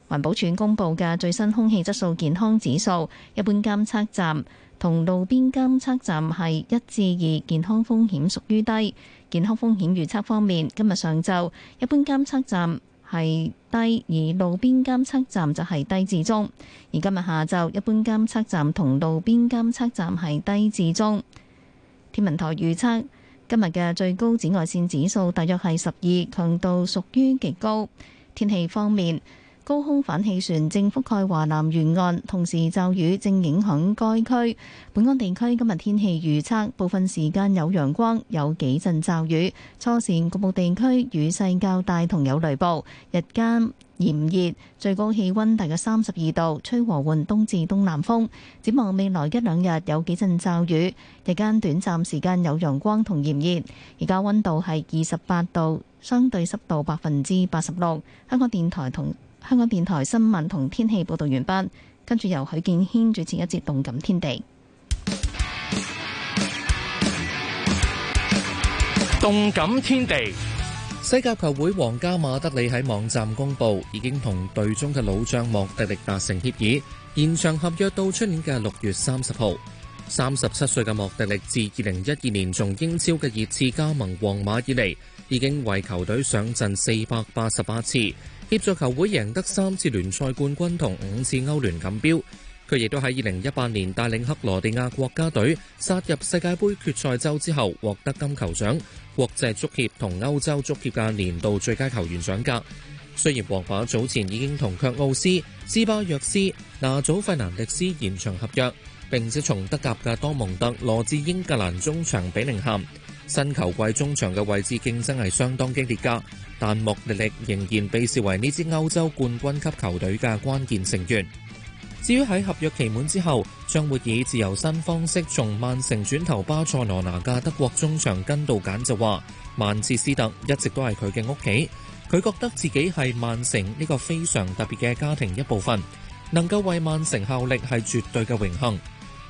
環保署公布嘅最新空氣質素健康指數，一般監測站同路邊監測站係一至二，健康風險屬於低。健康風險預測方面，今日上晝一般監測站係低，而路邊監測站就係低至中。而今日下晝一般監測站同路邊監測站係低至中。天文台預測，今日嘅最高紫外線指數大約係十二，強度屬於極高。天氣方面。高空反氣旋正覆蓋華南沿岸，同時驟雨正影響該區。本港地區今日天氣預測，部分時間有陽光，有幾陣驟雨，初時局部地區雨勢較大，同有雷暴。日間炎熱，最高氣溫大約三十二度，吹和緩東至東南風，展望未來一兩日有幾陣驟雨，日間短暫時間有陽光同炎熱，而家溫度係二十八度，相對濕度百分之八十六。香港電台同。香港電台新聞同天氣報道完畢，跟住由許建軒主持一節《動感天地》。《動感天地》，西甲球會皇家馬德里喺網站公布，已經同隊中嘅老將莫德利達成協議，延長合約到出年嘅六月三十號。三十七歲嘅莫德利自二零一二年從英超嘅熱刺加盟皇馬以嚟，已經為球隊上陣四百八十八次。協助球會贏得三次聯賽冠軍同五次歐聯錦標，佢亦都喺二零一八年帶領克羅地亞國家隊殺入世界杯決賽周之後，獲得金球獎、國際足協同歐洲足協嘅年度最佳球員獎格。雖然皇馬早前已經同卻奧斯、斯巴約斯、拿祖費南迪斯延長合約，並且從德甲嘅多蒙特羅致英格蘭中場比林漢。新球季中場嘅位置競爭係相當激烈㗎，但莫力力仍然被視為呢支歐洲冠軍級球隊嘅關鍵成員。至於喺合約期滿之後，將會以自由身方式從曼城轉投巴塞羅那嘅德國中場根杜簡就話，曼徹斯特一直都係佢嘅屋企，佢覺得自己係曼城呢個非常特別嘅家庭一部分，能夠為曼城效力係絕對嘅榮幸。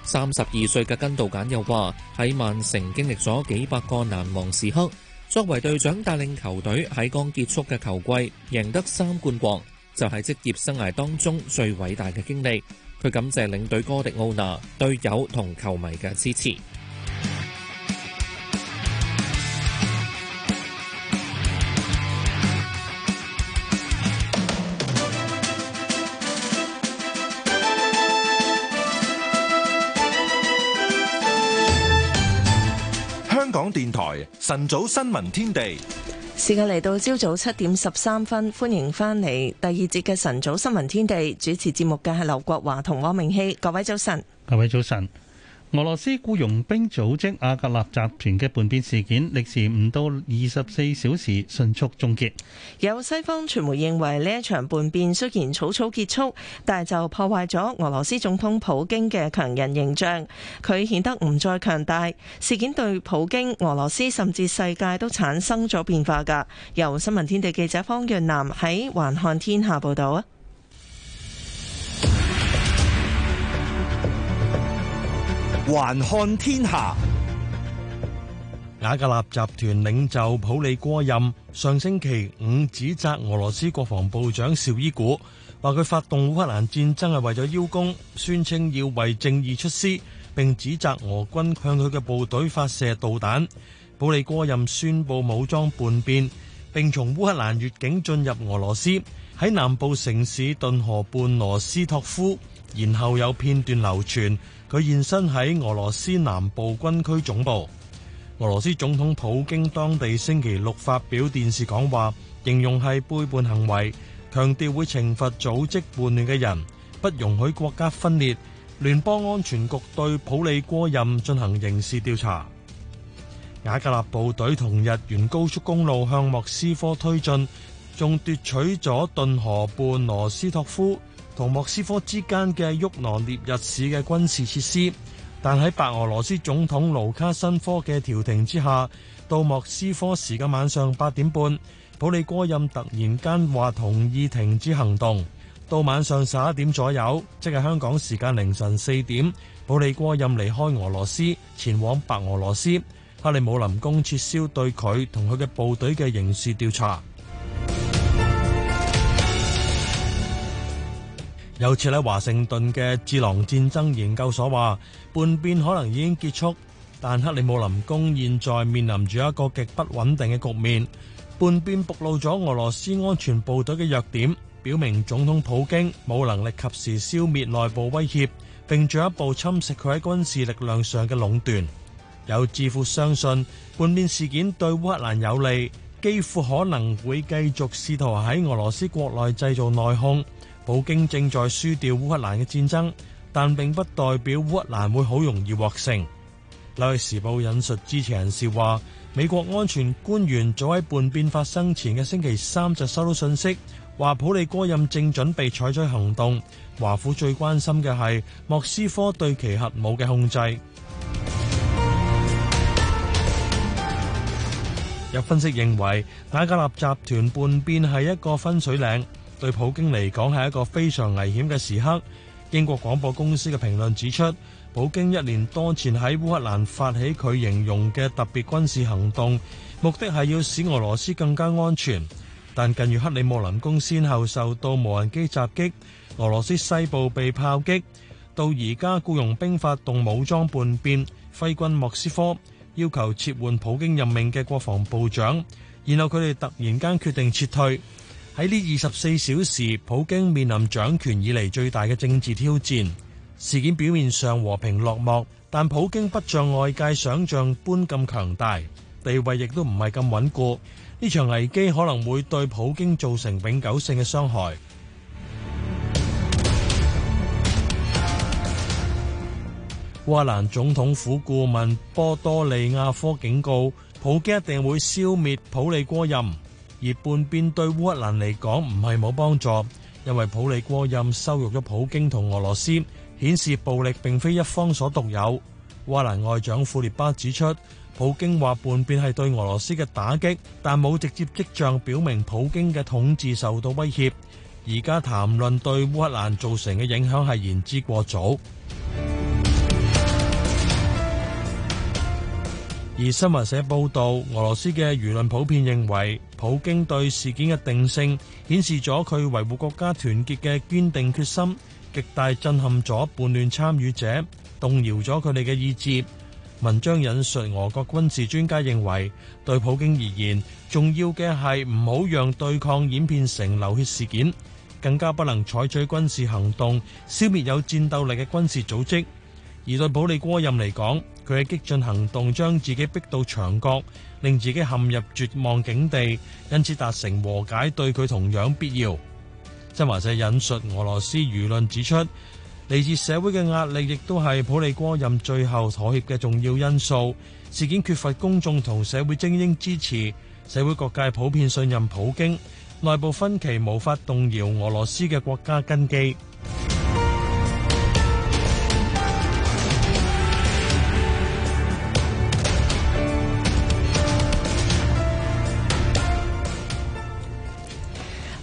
三十二歲嘅根道簡又話：喺曼城經歷咗幾百個難忘時刻，作為隊長帶領球隊喺剛結束嘅球季贏得三冠王，就係職業生涯當中最偉大嘅經歷。佢感謝領隊哥迪奧拿、隊友同球迷嘅支持。晨早新聞天地，時間嚟到朝早七點十三分，歡迎返嚟第二節嘅晨早新聞天地，主持節目嘅係劉國華同汪明希，各位早晨，各位早晨。俄羅斯僱傭兵組織阿格納集團嘅叛變事件，歷時唔到二十四小時，迅速終結。有西方傳媒認為呢一場叛變雖然草草結束，但係就破壞咗俄羅斯總統普京嘅強人形象，佢顯得唔再強大。事件對普京、俄羅斯甚至世界都產生咗變化噶。由新聞天地記者方潤南喺橫看天下報道啊。還看天下，瓦格納集團領袖普里戈任上星期五指責俄羅斯國防部長紹伊古，話佢發動烏克蘭戰爭係為咗邀功，宣稱要為正義出師，並指責俄軍向佢嘅部隊發射導彈。普里戈任宣布武裝叛變，並從烏克蘭越境進入俄羅斯，喺南部城市頓河畔羅斯托夫。然後有片段流傳。佢現身喺俄羅斯南部軍區總部。俄羅斯總統普京當地星期六發表電視講話，形容係背叛行為，強調會懲罰組織叛亂嘅人，不容許國家分裂。聯邦安全局對普里戈任進行刑事調查。瓦格納部隊同日沿高速公路向莫斯科推進，仲奪取咗頓河畔羅斯托夫同莫斯科之間嘅沃羅涅日市嘅軍事設施，但喺白俄羅斯總統盧卡申科嘅調停之下，到莫斯科時間晚上八點半，普里戈任突然間話同意停止行動。到晚上十一點左右，即係香港時間凌晨四點，普里戈任離開俄羅斯前往白俄羅斯，克里姆林宮撤銷對佢同佢嘅部隊嘅刑事調查。有次喺華盛頓嘅智囊戰爭研究所話，叛變可能已經結束，但克里姆林宮現在面臨住一個極不穩定嘅局面。叛變暴露咗俄羅斯安全部隊嘅弱點，表明總統普京冇能力及時消滅內部威脅，並進一步侵蝕佢喺軍事力量上嘅壟斷。有智庫相信，叛變事件對烏克蘭有利，幾乎可能會繼續試圖喺俄羅斯國內製造內訌。普京正在輸掉烏克蘭嘅戰爭，但並不代表烏克蘭會好容易獲勝。《紐約時報》引述知情人士話，美國安全官員早喺叛變發生前嘅星期三就收到信息，話普里戈任正準備採取行動。華府最關心嘅係莫斯科對其核武嘅控制。 (music) 有分析認為，瓦格納集團叛變係一個分水嶺。對普京嚟講係一個非常危險嘅時刻。英國廣播公司嘅評論指出，普京一年多前喺烏克蘭發起佢形容嘅特別軍事行動，目的係要使俄羅斯更加安全。但近日克里姆林宮先後受到無人機襲擊，俄羅斯西部被炮擊，到而家雇傭兵發動武裝叛變，揮軍莫斯科，要求撤換普京任命嘅國防部長，然後佢哋突然間決定撤退。喺呢二十四小時，普京面臨掌權以嚟最大嘅政治挑戰。事件表面上和平落幕，但普京不像外界想象般咁強大，地位亦都唔係咁穩固。呢場危機可能會對普京造成永久性嘅傷害。烏克蘭 (music) 總統府顧問波多利亞科警告，普京一定會消滅普利戈任。而叛變對烏克蘭嚟講唔係冇幫助，因為普里戈任羞辱咗普京同俄羅斯，顯示暴力並非一方所獨有。烏克蘭外長庫列巴指出，普京話叛變係對俄羅斯嘅打擊，但冇直接跡象表明普京嘅統治受到威脅。而家談論對烏克蘭造成嘅影響係言之過早。而新聞社報道，俄羅斯嘅輿論普遍認為，普京對事件嘅定性顯示咗佢維護國家團結嘅堅定決心，極大震撼咗叛亂參與者，動搖咗佢哋嘅意志。文章引述俄國軍事專家認為，對普京而言，重要嘅係唔好讓對抗演變成流血事件，更加不能採取軍事行動，消滅有戰鬥力嘅軍事組織。而對普里戈任嚟講，佢嘅激進行動將自己逼到牆角，令自己陷入絕望境地，因此達成和解對佢同樣必要。新華社引述俄羅斯輿論指出，嚟自社會嘅壓力亦都係普利戈任最後妥協嘅重要因素。事件缺乏公眾同社會精英支持，社會各界普遍信任普京，內部分歧無法動搖俄羅斯嘅國家根基。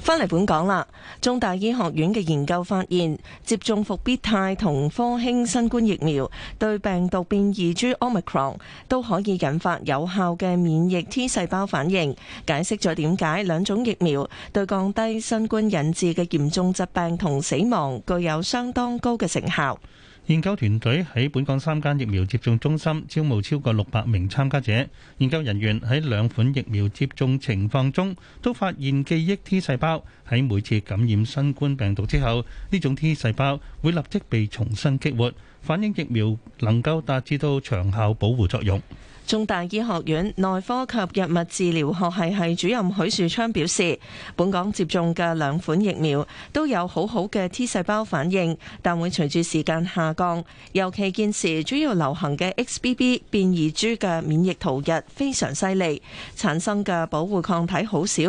翻嚟本港啦，中大醫學院嘅研究發現，接種復必泰同科興新冠疫苗，對病毒變異株 Omicron 都可以引發有效嘅免疫 T 細胞反應，解釋咗點解兩種疫苗對降低新冠引致嘅嚴重疾病同死亡具有相當高嘅成效。研究團隊喺本港三間疫苗接種中心招募超過六百名參加者，研究人員喺兩款疫苗接種情況中都發現記憶 T 細胞喺每次感染新冠病毒之後，呢種 T 細胞會立即被重新激活，反映疫苗能夠達至到長效保護作用。中大醫學院內科及藥物治療學系系主任許樹昌表示，本港接種嘅兩款疫苗都有好好嘅 T 細胞反應，但會隨住時間下降。尤其現時主要流行嘅 XBB 變異株嘅免疫逃逸非常犀利，產生嘅保護抗體好少。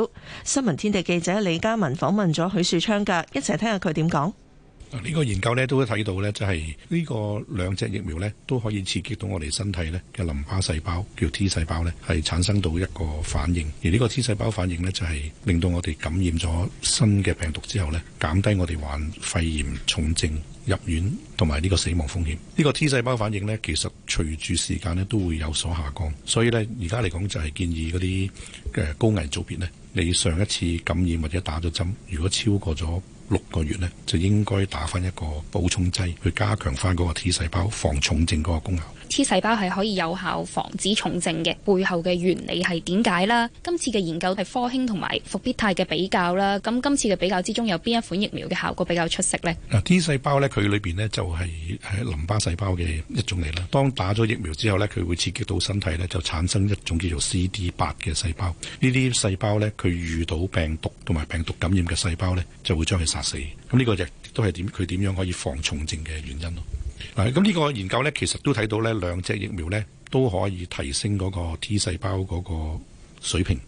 新聞天地記者李嘉文訪問咗許樹昌噶，一齊聽下佢點講。呢個研究咧都睇到呢，就係呢個兩隻疫苗呢，都可以刺激到我哋身體呢嘅淋巴細胞叫 T 細胞呢係產生到一個反應。而呢個 T 細胞反應呢，就係令到我哋感染咗新嘅病毒之後呢，減低我哋患肺炎重症入院同埋呢個死亡風險。呢個 T 細胞反應呢，其實隨住時間咧都會有所下降。所以呢，而家嚟講就係建議嗰啲嘅高危組別呢，你上一次感染或者打咗針，如果超過咗，六個月咧，就應該打翻一個補充劑，去加強翻嗰個 T 細胞防重症嗰個功效。T 細胞係可以有效防止重症嘅，背後嘅原理係點解啦？今次嘅研究係科興同埋復必泰嘅比較啦，咁今次嘅比較之中有邊一款疫苗嘅效果比較出色呢？嗱，T 細胞呢，佢裏邊呢就係、是、係淋巴細胞嘅一種嚟啦。當打咗疫苗之後呢，佢會刺激到身體呢，就產生一種叫做 CD 八嘅細胞。呢啲細胞呢，佢遇到病毒同埋病毒感染嘅細胞呢，就會將佢殺死。咁呢個亦都係點佢點樣可以防重症嘅原因咯。嗱，咁呢個研究咧，其實都睇到咧，兩隻疫苗咧都可以提升嗰個 T 細胞嗰個水平，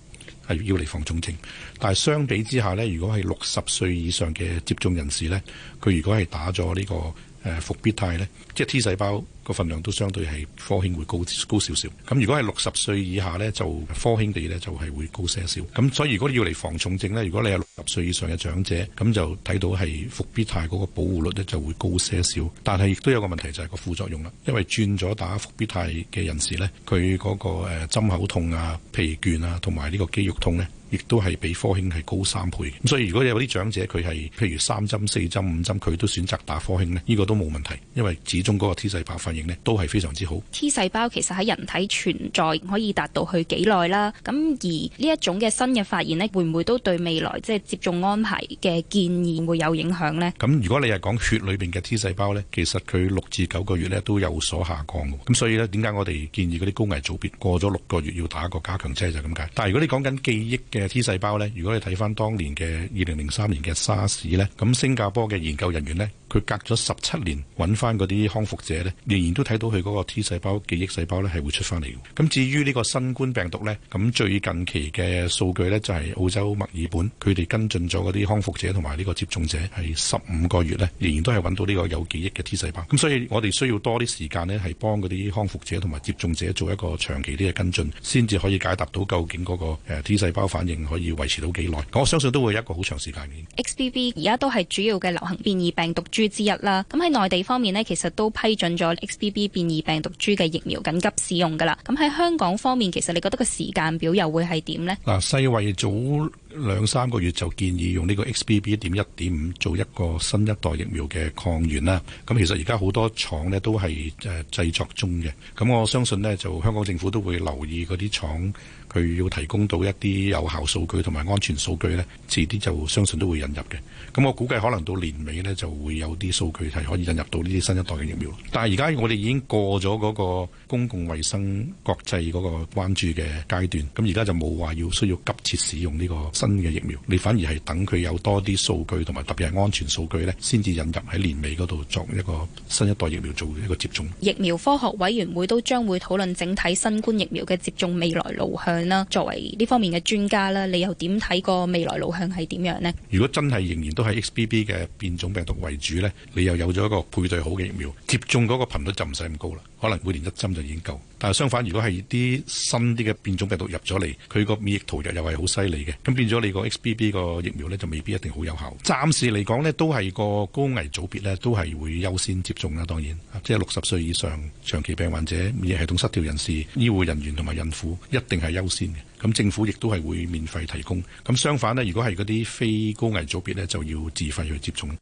係要嚟防重症。但係相比之下咧，如果係六十歲以上嘅接種人士咧，佢如果係打咗呢個誒呃、復必泰咧。即係 T 細胞個份量都相對係科興會高高少少，咁如果係六十歲以下呢，就科興地呢就係會高些少。咁所以如果你要嚟防重症呢，如果你係六十歲以上嘅長者，咁就睇到係復必泰嗰個保護率呢就會高些少。但係亦都有個問題就係、是、個副作用啦，因為轉咗打復必泰嘅人士呢，佢嗰個誒針口痛啊、疲倦啊，同埋呢個肌肉痛呢，亦都係比科興係高三倍。咁所以如果有啲長者佢係譬如三針、四針、五針，佢都選擇打科興呢，呢、這個都冇問題，因為中嗰個 T 細胞反應呢都係非常之好。T 細胞其實喺人體存在可以達到去幾耐啦。咁而呢一種嘅新嘅發現呢，會唔會都對未來即係接種安排嘅建議會有影響呢？咁如果你係講血裏邊嘅 T 細胞呢，其實佢六至九個月呢都有所下降嘅。咁所以呢，點解我哋建議嗰啲高危組別過咗六個月要打一個加強劑就係咁解。但係如果你講緊記憶嘅 T 細胞呢，如果你睇翻當年嘅二零零三年嘅沙士呢，s 咧，咁新加坡嘅研究人員呢，佢隔咗十七年揾翻嗰啲。康復者咧，仍然都睇到佢嗰個 T 細胞記憶細胞咧係會出翻嚟嘅。咁至於呢個新冠病毒呢，咁最近期嘅數據呢，就係澳洲墨爾本，佢哋跟進咗嗰啲康復者同埋呢個接種者係十五個月呢，仍然都係揾到呢個有記憶嘅 T 細胞。咁所以我哋需要多啲時間呢，係幫嗰啲康復者同埋接種者做一個長期啲嘅跟進，先至可以解答到究竟嗰個誒 T 細胞反應可以維持到幾耐。我相信都會一個好長時間嘅。XBB 而家都係主要嘅流行變異病毒株之一啦。咁喺內地方面呢，其實都都批准咗 XBB 變異病毒株嘅疫苗緊急使用㗎啦，咁喺香港方面，其實你覺得個時間表又會係點呢？嗱，世衛早兩三個月就建議用呢個 XBB. 點一點五做一個新一代疫苗嘅抗原啦，咁其實而家好多廠呢都係誒製作中嘅，咁我相信呢，就香港政府都會留意嗰啲廠。佢要提供到一啲有效數據同埋安全數據咧，遲啲就相信都會引入嘅。咁我估計可能到年尾咧就會有啲數據係可以引入到呢啲新一代嘅疫苗。但係而家我哋已經過咗嗰個。公共衛生國際嗰個關注嘅階段，咁而家就冇話要需要急切使用呢個新嘅疫苗，你反而係等佢有多啲數據同埋特別係安全數據咧，先至引入喺年尾嗰度作一個新一代疫苗做一個接種。疫苗科學委員會都將會討論整體新冠疫苗嘅接種未來路向啦。作為呢方面嘅專家啦，你又點睇個未來路向係點樣咧？如果真係仍然都係 XBB 嘅變種病毒為主咧，你又有咗一個配對好嘅疫苗，接種嗰個頻率就唔使咁高啦，可能每年一針。就研究，但係相反，如果係啲新啲嘅變種病毒入咗嚟，佢個免疫逃逸又係好犀利嘅，咁變咗你個 XBB 個疫苗呢，就未必一定好有效。暫時嚟講呢，都係個高危組別呢，都係會優先接種啦。當然，即係六十歲以上、長期病患者、免疫系統失調人士、醫護人員同埋孕婦一定係優先嘅。咁政府亦都係會免費提供。咁相反呢，如果係嗰啲非高危組別呢，就要自費去接種。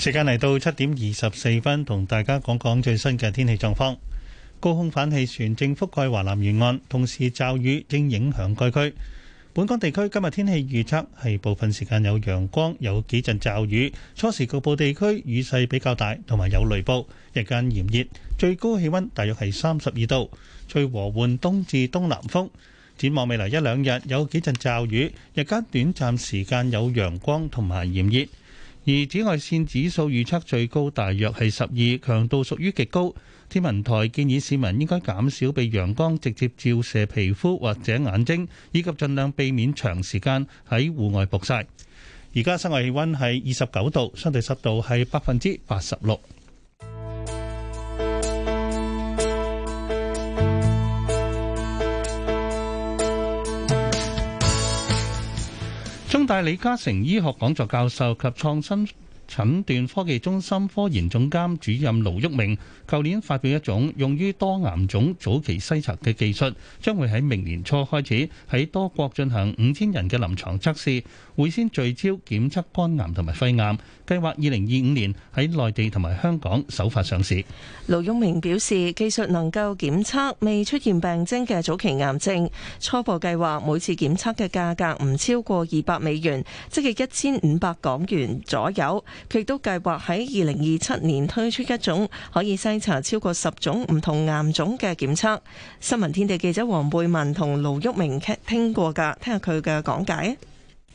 時間嚟到七點二十四分，同大家講講最新嘅天氣狀況。高空反氣旋正覆蓋華南沿岸，同時驟雨正影響該區。本港地區今日天氣預測係部分時間有陽光，有幾陣驟雨，初時局部地區雨勢比較大，同埋有雷暴。日間炎熱，最高氣溫大約係三十二度。吹和緩東至東南風。展望未來一兩日有幾陣驟雨，日間短暫時間有陽光同埋炎熱。而紫外線指數預測最高大約係十二，強度屬於極高。天文台建議市民應該減少被陽光直接照射皮膚或者眼睛，以及盡量避免長時間喺戶外曝曬。而家室外氣温係二十九度，相對濕度係百分之八十六。中大李嘉誠醫學講座教授及創新診斷科技中心科研總監主任盧煜明，舊年發表一種用於多癌種早期篩查嘅技術，將會喺明年初開始喺多國進行五千人嘅臨床測試，會先聚焦檢測肝癌同埋肺癌。計劃二零二五年喺內地同埋香港首發上市。盧毓明表示，技術能夠檢測未出現病徵嘅早期癌症。初步計劃每次檢測嘅價格唔超過二百美元，即係一千五百港元左右。佢亦都計劃喺二零二七年推出一種可以篩查超過十種唔同癌種嘅檢測。新聞天地記者黃貝文同盧毓明聽過㗎，聽下佢嘅講解。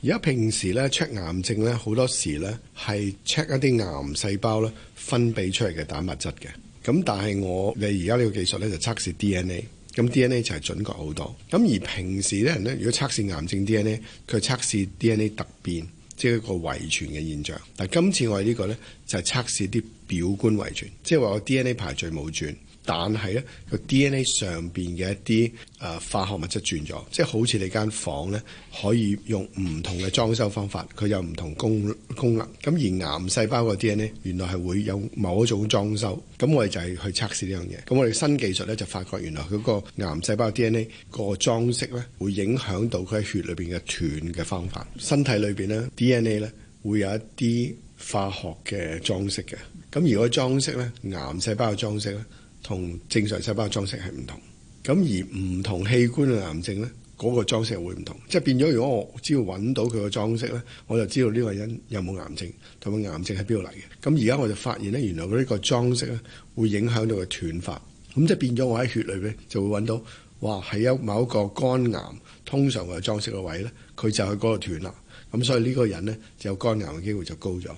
而家平時咧 check 癌症咧，好多時咧係 check 一啲癌細胞咧分泌出嚟嘅蛋白質嘅。咁但係我你而家呢個技術咧就測試 DNA，咁 DNA 就係準確好多。咁而平時啲人咧，如果測試癌症 DNA，佢測試 DNA 突變，即係一個遺傳嘅現象。但係今次我哋呢個咧就係測試啲表觀遺傳，即係話我 DNA 排序冇轉。但係咧，個 D N A 上邊嘅一啲誒、呃、化學物質轉咗，即係好似你間房呢可以用唔同嘅裝修方法，佢有唔同功功能。咁而癌細胞個 D N A 原來係會有某一種裝修，咁我哋就係去測試呢樣嘢。咁我哋新技術呢就發覺原來嗰個癌細胞 D N A 個裝飾呢會影響到佢喺血裏邊嘅斷嘅方法。身體裏邊呢 D N A 呢會有一啲化學嘅裝飾嘅。咁如果裝飾呢，癌細胞嘅裝飾咧。同正常細胞裝飾係唔同，咁而唔同器官嘅癌症咧，嗰個裝飾會唔同，即係變咗。如果我只要揾到佢個裝飾咧，我就知道呢個人有冇癌症，同埋癌症喺邊度嚟嘅。咁而家我就發現咧，原來佢呢個裝飾咧，會影響到佢斷髮。咁即係變咗，我喺血裏邊就會揾到，哇！係一某一個肝癌通常嘅裝飾嘅位咧，佢就喺嗰度斷啦。咁所以呢個人咧，就有肝癌嘅機會就高咗。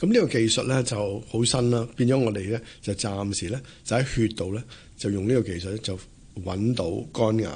咁呢個技術咧就好新啦，變咗我哋咧就暫時咧就喺血度咧就用呢個技術咧就揾到肝癌、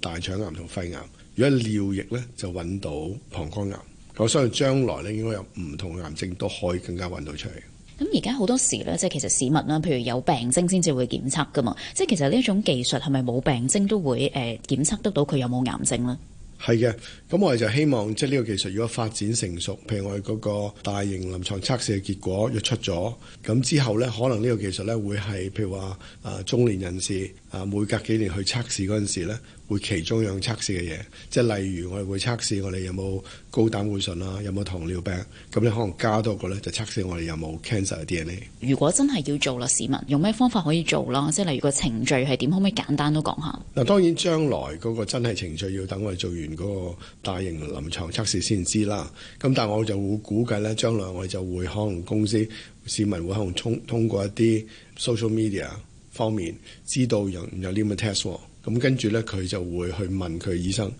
大腸癌同肺癌。如果尿液咧就揾到膀胱癌。我相信將來咧應該有唔同嘅癌症都可以更加揾到出嚟。咁而家好多時咧，即係其實市民啦，譬如有病徵先至會檢測㗎嘛。即係其實呢一種技術係咪冇病徵都會誒、呃、檢測得到佢有冇癌症咧？係嘅。咁我哋就希望，即係呢個技術如果發展成熟，譬如我哋嗰個大型臨床測試嘅結果若出咗，咁之後咧，可能呢個技術咧會係譬如話啊、呃、中年人士啊、呃、每隔幾年去測試嗰陣時咧，會其中一樣測試嘅嘢，即係例如我哋會測試我哋有冇高膽固醇啦，有冇糖尿病，咁你可能加多個咧就測試我哋有冇 cancer 嘅 DNA。如果真係要做啦，市民用咩方法可以做啦？即係例如個程序係點，可唔可以簡單都講下？嗱，當然將來嗰個真係程序要等我哋做完嗰、嗰個。大型臨床測試先知啦。咁但係我就會估計咧，將來我哋就會可能公司市民會可能通通過一啲 social media 方面知道有有呢個 test。咁跟住咧，佢就會去問佢醫生。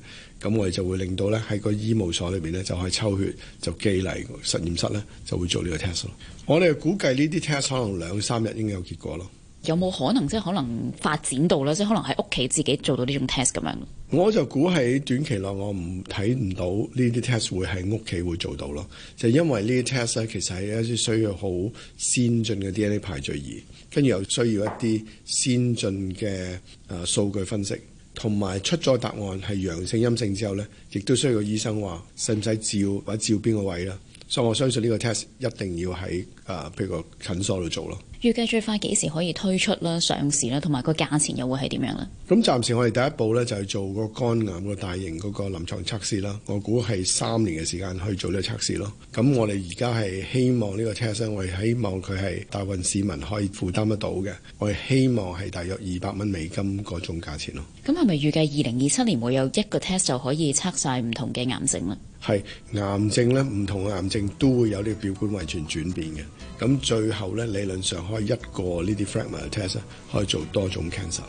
咁我哋就會令到咧喺個醫務所裏邊咧就可以抽血，就寄嚟實驗室咧就會做呢個 test 咯。我哋估計呢啲 test 可能兩三日應該有結果咯。有冇可能即係可能發展到啦，即係可能喺屋企自己做到呢種 test 咁樣咯？我就估喺短期內我唔睇唔到呢啲 test 會喺屋企會做到咯。就因為呢啲 test 咧，其實係一啲需要好先進嘅 DNA 排序儀，跟住又需要一啲先進嘅誒數據分析，同埋出咗答案係陽性、陰性之後咧，亦都需要個醫生話使唔使照或者照邊個位啦。所以我相信呢個 test 一定要喺誒譬如個診所度做咯。預計最快幾時可以推出啦、上市啦，同埋個價錢又會係點樣呢？咁暫時我哋第一步咧就係做個肝癌個大型嗰個臨床測試啦。我估係三年嘅時間去做呢個測試咯。咁我哋而家係希望呢個 test 咧，我哋希望佢係大運市民可以負擔得到嘅。我哋希望係大約二百蚊美金嗰種價錢咯。咁係咪預計二零二七年會有一個 test 就可以測晒唔同嘅癌症咧？係癌症咧，唔同嘅癌症都會有呢個表觀遺傳轉變嘅。咁最後咧，理論上可以一個呢啲 fragment test 咧，可以做多種 cancer。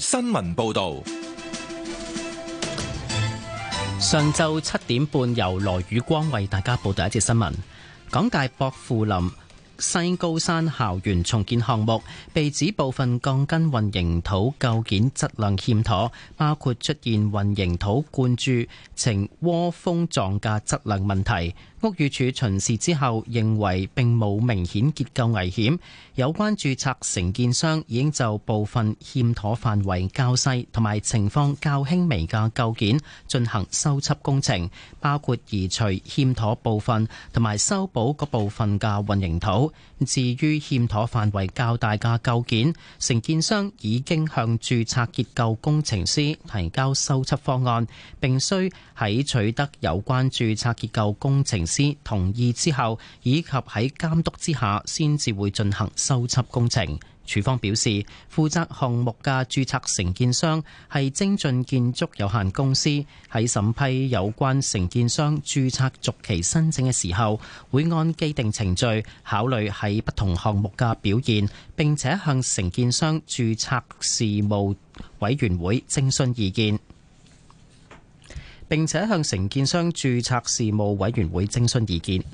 新聞報道：上晝七點半，由羅宇光為大家報道一節新聞。港大薄扶林西高山校園重建項目被指部分鋼筋混凝土構件質量欠妥，包括出現混凝土灌注呈窩蜂狀嘅質量問題。屋宇署巡視之後，認為並冇明顯結構危險。有關註冊承建商已經就部分欠妥範圍較細同埋情況較輕微嘅構件進行修葺工程，包括移除欠妥部分同埋修補嗰部分嘅混凝土。至於欠妥範圍較大嘅構件，承建商已經向註冊結構工程師提交修葺方案，並須喺取得有關註冊結構工程師同意之後，以及喺監督之下，先至會進行修葺工程。署方表示，負責項目嘅註冊承建商係精進建築有限公司。喺審批有關承建商註冊續期申請嘅時候，會按既定程序考慮喺不同項目嘅表現，並且向承建商註冊事務委員會徵詢意見，並且向承建商註冊事務委員會徵詢意見。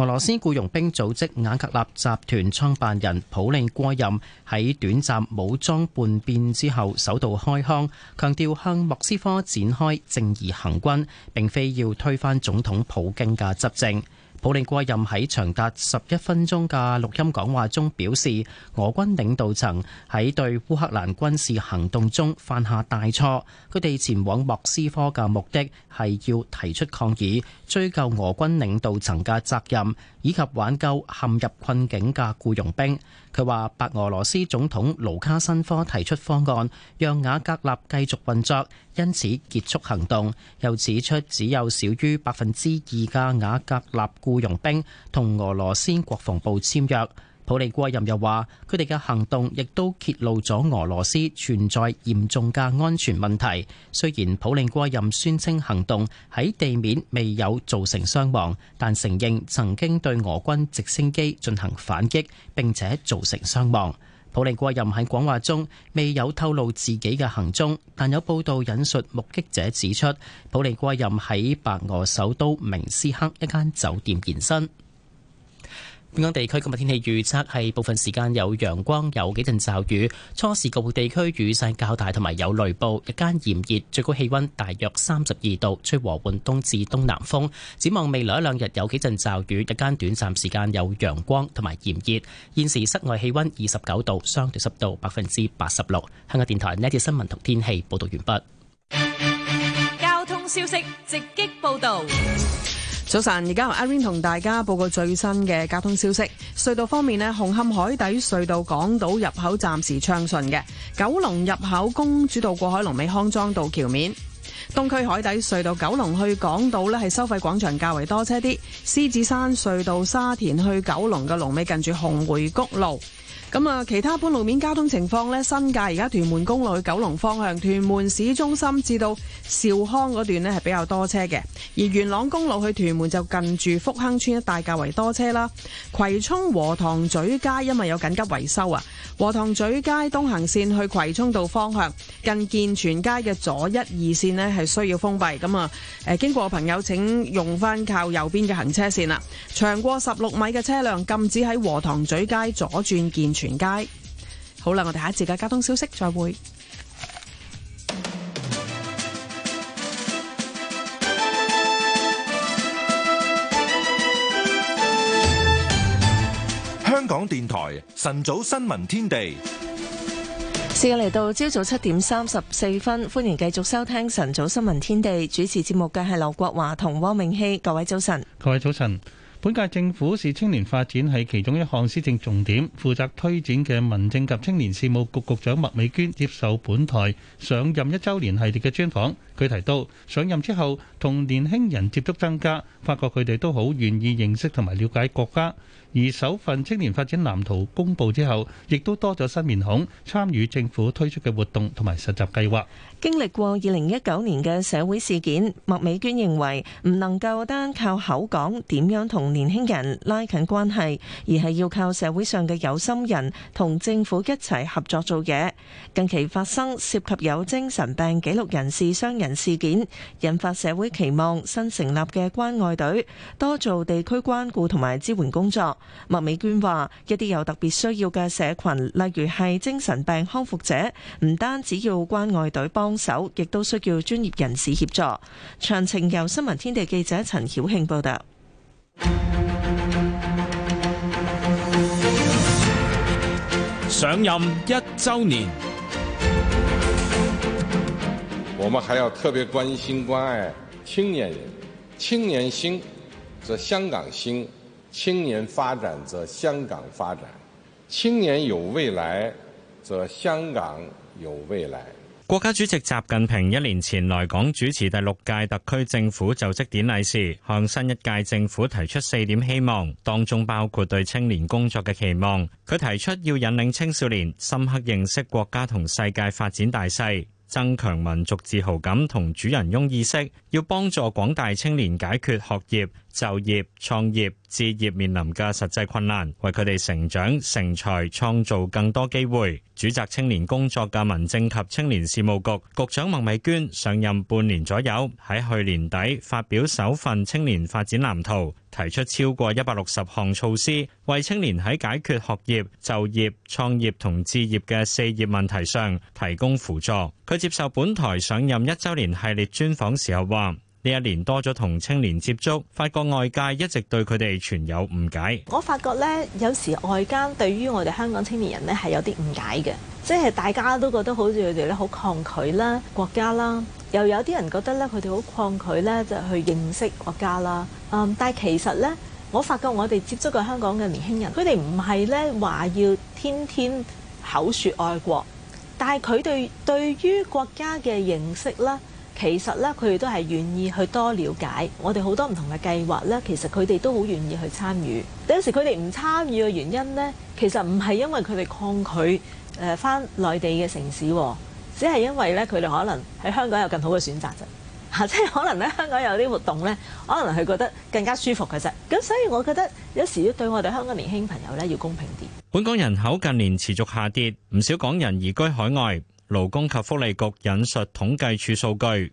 俄羅斯僱傭兵組織“雅格納集團”創辦人普令過任喺短暫武裝叛變之後首度開腔，強調向莫斯科展開正義行軍，並非要推翻總統普京嘅執政。普里戈任喺長達十一分鐘嘅錄音講話中表示，俄軍領導層喺對烏克蘭軍事行動中犯下大錯。佢哋前往莫斯科嘅目的係要提出抗議，追究俄軍領導層嘅責任。以及挽救陷入困境嘅僱傭兵。佢話白俄羅斯總統盧卡申科提出方案，讓瓦格納繼續運作，因此結束行動，又指出，只有少於百分之二嘅瓦格納僱傭兵同俄羅斯國防部簽約。普利過任又話：佢哋嘅行動亦都揭露咗俄羅斯存在嚴重嘅安全問題。雖然普利過任宣稱行動喺地面未有造成傷亡，但承認曾經對俄軍直升機進行反擊，並且造成傷亡。普利過任喺講話中未有透露自己嘅行蹤，但有報道引述目擊者指出，普利過任喺白俄首都明斯克一間酒店現身。本港地區今日天氣預測係部分時間有陽光，有幾陣驟雨。初時局部地區雨勢較大，同埋有雷暴。日間炎熱，最高氣溫大約三十二度，吹和緩東至東南風。展望未來一兩日有幾陣驟雨，日間短暫時間有陽光同埋炎熱。現時室外氣溫二十九度，相對濕度百分之八十六。香港電台呢次新聞同天氣報道完畢。交通消息直擊報道。早晨，而家由阿 Vin 同大家報告最新嘅交通消息。隧道方面呢紅磡海底隧道港島入口暫時暢順嘅，九龍入口公主道過海龍尾康莊道橋面，東區海底隧道九龍去港島呢係收費廣場較為多車啲，獅子山隧道沙田去九龍嘅龍尾近住紅梅谷路。咁啊，其他半路面交通情況咧，新界而家屯門公路去九龍方向、屯門市中心至到兆康嗰段咧係比較多車嘅，而元朗公路去屯門就近住福亨村一帶較為多車啦。葵涌禾塘咀街因為有緊急維修啊，禾塘咀街東行線去葵涌道方向近健全街嘅左一二線咧係需要封閉，咁啊誒經過朋友請用翻靠右邊嘅行車線啦。長過十六米嘅車輛禁止喺禾塘咀街左轉健全街好啦，我哋下一節嘅交通消息再會。香港電台晨早新聞天地，時間嚟到朝早七點三十四分，歡迎繼續收聽晨早新聞天地。主持節目嘅係劉國華同汪明熙。各位早晨，各位早晨。本屆政府視青年發展係其中一項施政重點，負責推展嘅民政及青年事務局局長麥美娟接受本台上任一週年系列嘅專訪。佢提到上任之後同年輕人接觸增加，發覺佢哋都好願意認識同埋了解國家。而首份青年發展藍圖公布之後，亦都多咗新面孔參與政府推出嘅活動同埋實習計劃。經歷過二零一九年嘅社會事件，麥美娟認為唔能夠單靠口講點樣同年輕人拉近關係，而係要靠社會上嘅有心人同政府一齊合作做嘢。近期發生涉及有精神病紀錄人士傷人事件，引發社會期望新成立嘅關愛隊多做地區關顧同埋支援工作。麥美娟話：一啲有特別需要嘅社群，例如係精神病康復者，唔單只要關愛隊幫。幫手，亦都需要專業人士協助。詳情由新聞天地記者陳曉慶報道。上任一周年， (noise) 我們還要特別關心、關愛青年人。青年興，則香港興；青年發展，則香港發展；青年有未來，則香港有未來。國家主席習近平一年前來港主持第六屆特區政府就職典禮時，向新一屆政府提出四點希望，當中包括對青年工作嘅期望。佢提出要引領青少年深刻認識國家同世界發展大勢，增強民族自豪感同主人翁意識，要幫助廣大青年解決學業、就業、創業、置業面臨嘅實際困難，為佢哋成長成才創造更多機會。主責青年工作嘅民政及青年事務局局長麥美娟上任半年左右，喺去年底發表首份青年發展藍圖，提出超過一百六十項措施，為青年喺解決學業、就業、創業同置業嘅四業問題上提供輔助。佢接受本台上任一週年系列專訪時候話。呢一年多咗同青年接觸，發覺外界一直對佢哋存有誤解。我發覺呢，有時外間對於我哋香港青年人呢，係有啲誤解嘅，即係大家都覺得好似佢哋咧好抗拒啦國家啦，又有啲人覺得咧佢哋好抗拒咧就去認識國家啦。嗯，但係其實呢，我發覺我哋接觸過香港嘅年輕人，佢哋唔係咧話要天天口說愛國，但係佢對對於國家嘅認識啦。其實咧，佢哋都係願意去多了解我哋好多唔同嘅計劃咧。其實佢哋都好願意去參與。有時佢哋唔參與嘅原因呢，其實唔係因為佢哋抗拒誒返內地嘅城市，只係因為咧佢哋可能喺香港有更好嘅選擇啫。嚇，即係可能咧，香港有啲活動咧，可能係覺得更加舒服。其實咁，所以我覺得有時要對我哋香港年輕朋友咧要公平啲。本港人口近年持續下跌，唔少港人移居海外。勞工及福利局引述統計處數據。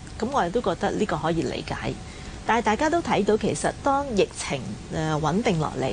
咁我哋都覺得呢個可以理解，但係大家都睇到，其實當疫情誒穩定落嚟，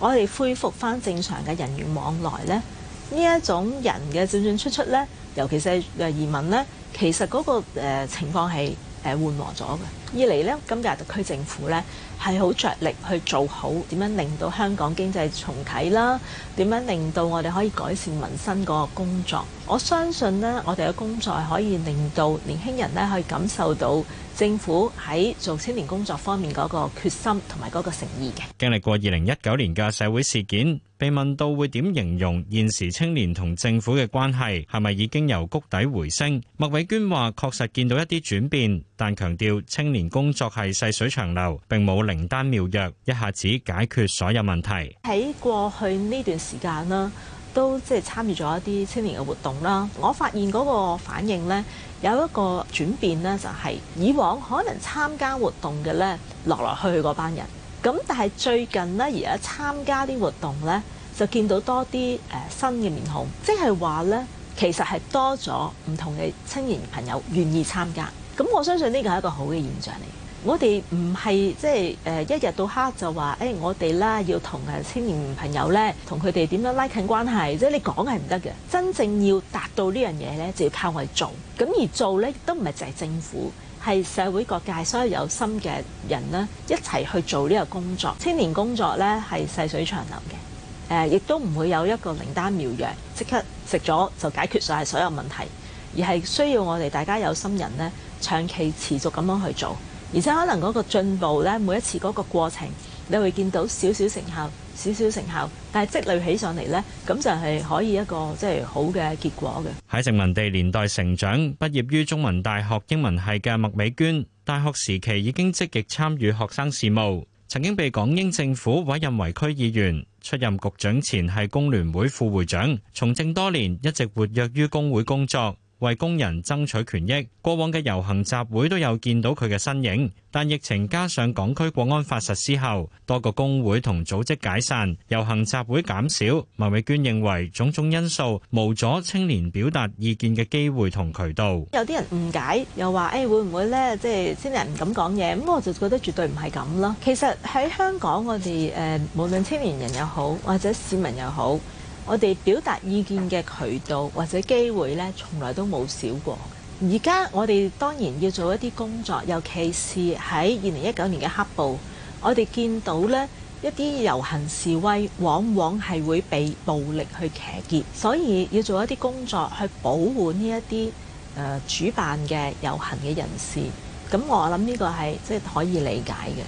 我哋恢復返正常嘅人員往來呢，呢一種人嘅進進出出呢，尤其是移民呢，其實嗰個情況係誒緩和咗嘅。二嚟呢，今日特區政府呢，係好着力去做好點樣令到香港經濟重啟啦，點樣令到我哋可以改善民生嗰個工作。我相信呢，我哋嘅工作可以令到年輕人呢，可以感受到。政府喺做青年工作方面嗰個決心同埋嗰個誠意嘅。經歷過二零一九年嘅社會事件，被問到會點形容現時青年同政府嘅關係，係咪已經由谷底回升？麥偉娟話：確實見到一啲轉變，但強調青年工作係細水長流，並冇靈丹妙藥一下子解決所有問題。喺過去呢段時間啦，都即係參與咗一啲青年嘅活動啦，我發現嗰個反應咧。有一個轉變咧，就係、是、以往可能參加活動嘅咧，來來去去嗰班人，咁但係最近咧，而家參加啲活動咧，就見到多啲誒新嘅面孔，即係話咧，其實係多咗唔同嘅青年朋友願意參加，咁我相信呢個係一個好嘅現象嚟。我哋唔係即係誒一日到黑就話誒、哎，我哋啦要同誒青年朋友咧，同佢哋點樣拉、like、近關係？即係你講係唔得嘅，真正要達到呢樣嘢咧，就要靠我哋做咁而做咧，都唔係淨係政府，係社會各界所有有心嘅人咧一齊去做呢個工作。青年工作咧係細水長流嘅誒，亦、呃、都唔會有一個靈丹妙藥，即刻食咗就解決晒所有問題，而係需要我哋大家有心人咧長期持續咁樣去做。而且可能嗰個進步咧，每一次嗰個過程，你會見到少少成效，少少成效，但係積累起上嚟咧，咁就係可以一個即係好嘅結果嘅。喺殖民地年代成長，畢業於中文大學英文系嘅麥美娟，大學時期已經積極參與學生事務，曾經被港英政府委任為區議員，出任局長前係工聯會副會長，從政多年一直活躍於工會工作。為工人爭取權益，過往嘅遊行集會都有見到佢嘅身影，但疫情加上港區國安法實施後，多個工會同組織解散，遊行集會減少。麥美娟認為種種因素無阻青年表達意見嘅機會同渠道。有啲人誤解，又話誒會唔會呢，即係青年人唔敢講嘢，咁我就覺得絕對唔係咁咯。其實喺香港我哋誒，無論青年人又好，或者市民又好。我哋表達意見嘅渠道或者機會呢，從來都冇少過。而家我哋當然要做一啲工作，尤其是喺二零一九年嘅黑暴，我哋見到呢一啲遊行示威，往往係會被暴力去騎劫，所以要做一啲工作去保護呢一啲誒主辦嘅遊行嘅人士。咁我諗呢個係即係可以理解嘅，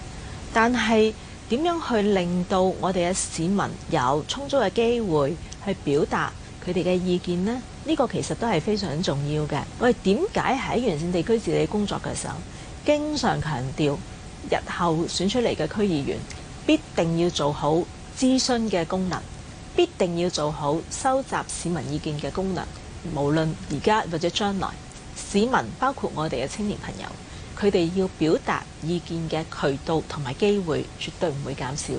但係。點樣去令到我哋嘅市民有充足嘅機會去表達佢哋嘅意見呢？呢個其實都係非常重要嘅。我哋點解喺完善地區治理工作嘅時候，經常強調日後選出嚟嘅區議員必定要做好諮詢嘅功能，必定要做好收集市民意見嘅功能。無論而家或者將來，市民包括我哋嘅青年朋友。佢哋要表達意見嘅渠道同埋機會絕對唔會減少，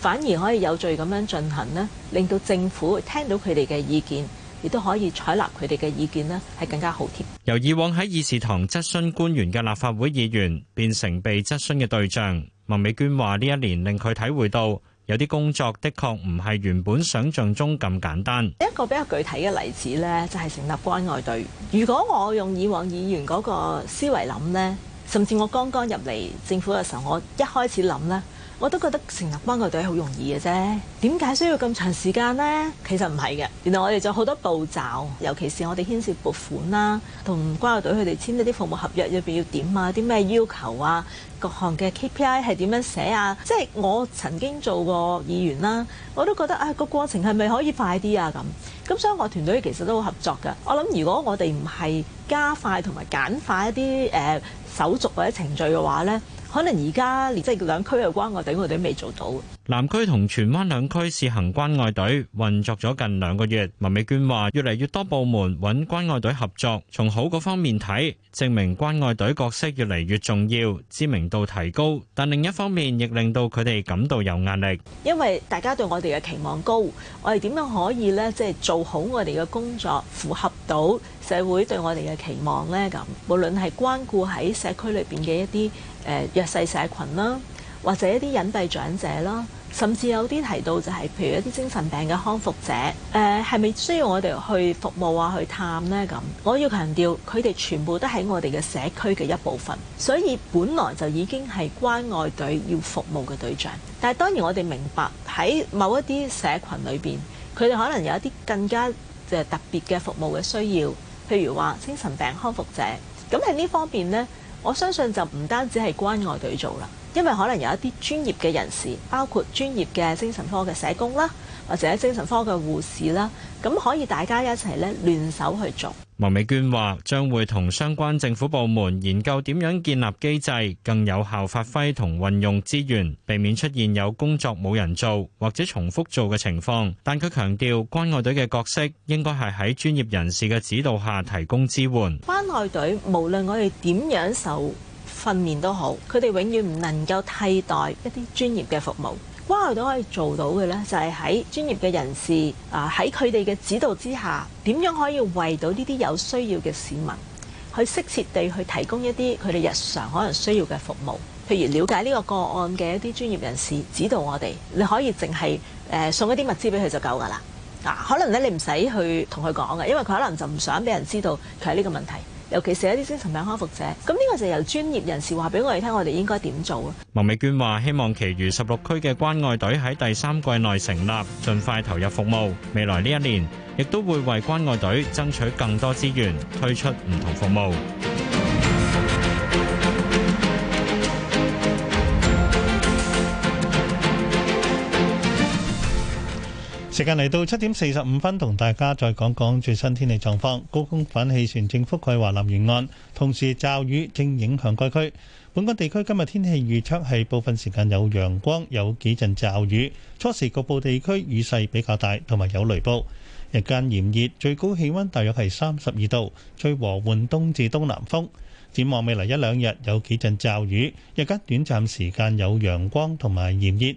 反而可以有序咁樣進行咧，令到政府聽到佢哋嘅意見，亦都可以採納佢哋嘅意見咧，係更加好添。由以往喺議事堂質詢官員嘅立法會議員變成被質詢嘅對象，麥美娟話：呢一年令佢體會到有啲工作的確唔係原本想像中咁簡單。一個比較具體嘅例子咧，就係成立關愛隊。如果我用以往議員嗰個思維諗咧。甚至我剛剛入嚟政府嘅時候，我一開始諗咧。我都覺得成立關愛隊好容易嘅啫，點解需要咁長時間呢？其實唔係嘅，原來我哋仲有好多步驟，尤其是我哋牽涉撥款啦，同關愛隊佢哋簽一啲服務合約入邊要點啊，啲咩要求啊，各項嘅 KPI 係點樣寫啊？即係我曾經做過議員啦，我都覺得啊個、哎、過程係咪可以快啲啊咁？咁所以我團隊其實都好合作㗎。我諗如果我哋唔係加快同埋簡化一啲誒、呃、手續或者程序嘅話呢。可能而家即係兩區嘅關愛隊，我哋都未做到。南區同荃灣兩區試行關愛隊運作咗近兩個月，文美娟話：越嚟越多部門揾關愛隊合作，從好嗰方面睇，證明關愛隊角色越嚟越重要，知名度提高。但另一方面，亦令到佢哋感到有壓力，因為大家對我哋嘅期望高，我哋點樣可以咧即係做好我哋嘅工作，符合到？社會對我哋嘅期望呢，咁無論係關顧喺社區裏邊嘅一啲誒、呃、弱勢社群啦，或者一啲隱蔽長者啦，甚至有啲提到就係、是、譬如一啲精神病嘅康復者，誒係咪需要我哋去服務啊？去探呢？咁，我要強調，佢哋全部都喺我哋嘅社區嘅一部分，所以本來就已經係關愛隊要服務嘅對象。但係當然，我哋明白喺某一啲社群裏邊，佢哋可能有一啲更加嘅特別嘅服務嘅需要。譬如話精神病康復者，咁喺呢方面呢，我相信就唔單止係關愛隊做啦，因為可能有一啲專業嘅人士，包括專業嘅精神科嘅社工啦。或者精神科嘅護士啦，咁可以大家一齊呢聯手去做。麥美娟話，將會同相關政府部門研究點樣建立機制，更有效發揮同運用資源，避免出現有工作冇人做或者重複做嘅情況。但佢強調，關愛隊嘅角色應該係喺專業人士嘅指導下提供支援。關愛隊無論我哋點樣受訓練都好，佢哋永遠唔能夠替代一啲專業嘅服務。關愛都可以做到嘅呢，就係、是、喺專業嘅人士啊，喺佢哋嘅指導之下，點樣可以為到呢啲有需要嘅市民，去適切地去提供一啲佢哋日常可能需要嘅服務。譬如了解呢個個案嘅一啲專業人士指導我哋，你可以淨係、呃、送一啲物資俾佢就夠噶啦。嗱、啊，可能咧你唔使去同佢講嘅，因為佢可能就唔想俾人知道佢係呢個問題。尤其是一啲精神病康復者，咁呢個就由專業人士話俾我哋聽，我哋應該點做啊？麥美娟話：希望其餘十六區嘅關愛隊喺第三季內成立，盡快投入服務。未來呢一年，亦都會為關愛隊爭取更多資源，推出唔同服務。時間嚟到七點四十五分，同大家再講講最新天氣狀況。高空反氣旋正覆蓋華南沿岸，同時驟雨正影響該區。本港地區今日天，天氣預測係部分時間有陽光，有幾陣驟雨。初時局部地區雨勢比較大，同埋有雷暴。日間炎熱，最高氣温大約係三十二度。吹和緩東至東南風。展望未來一兩日有幾陣驟雨，日間短暫時間有陽光同埋炎熱。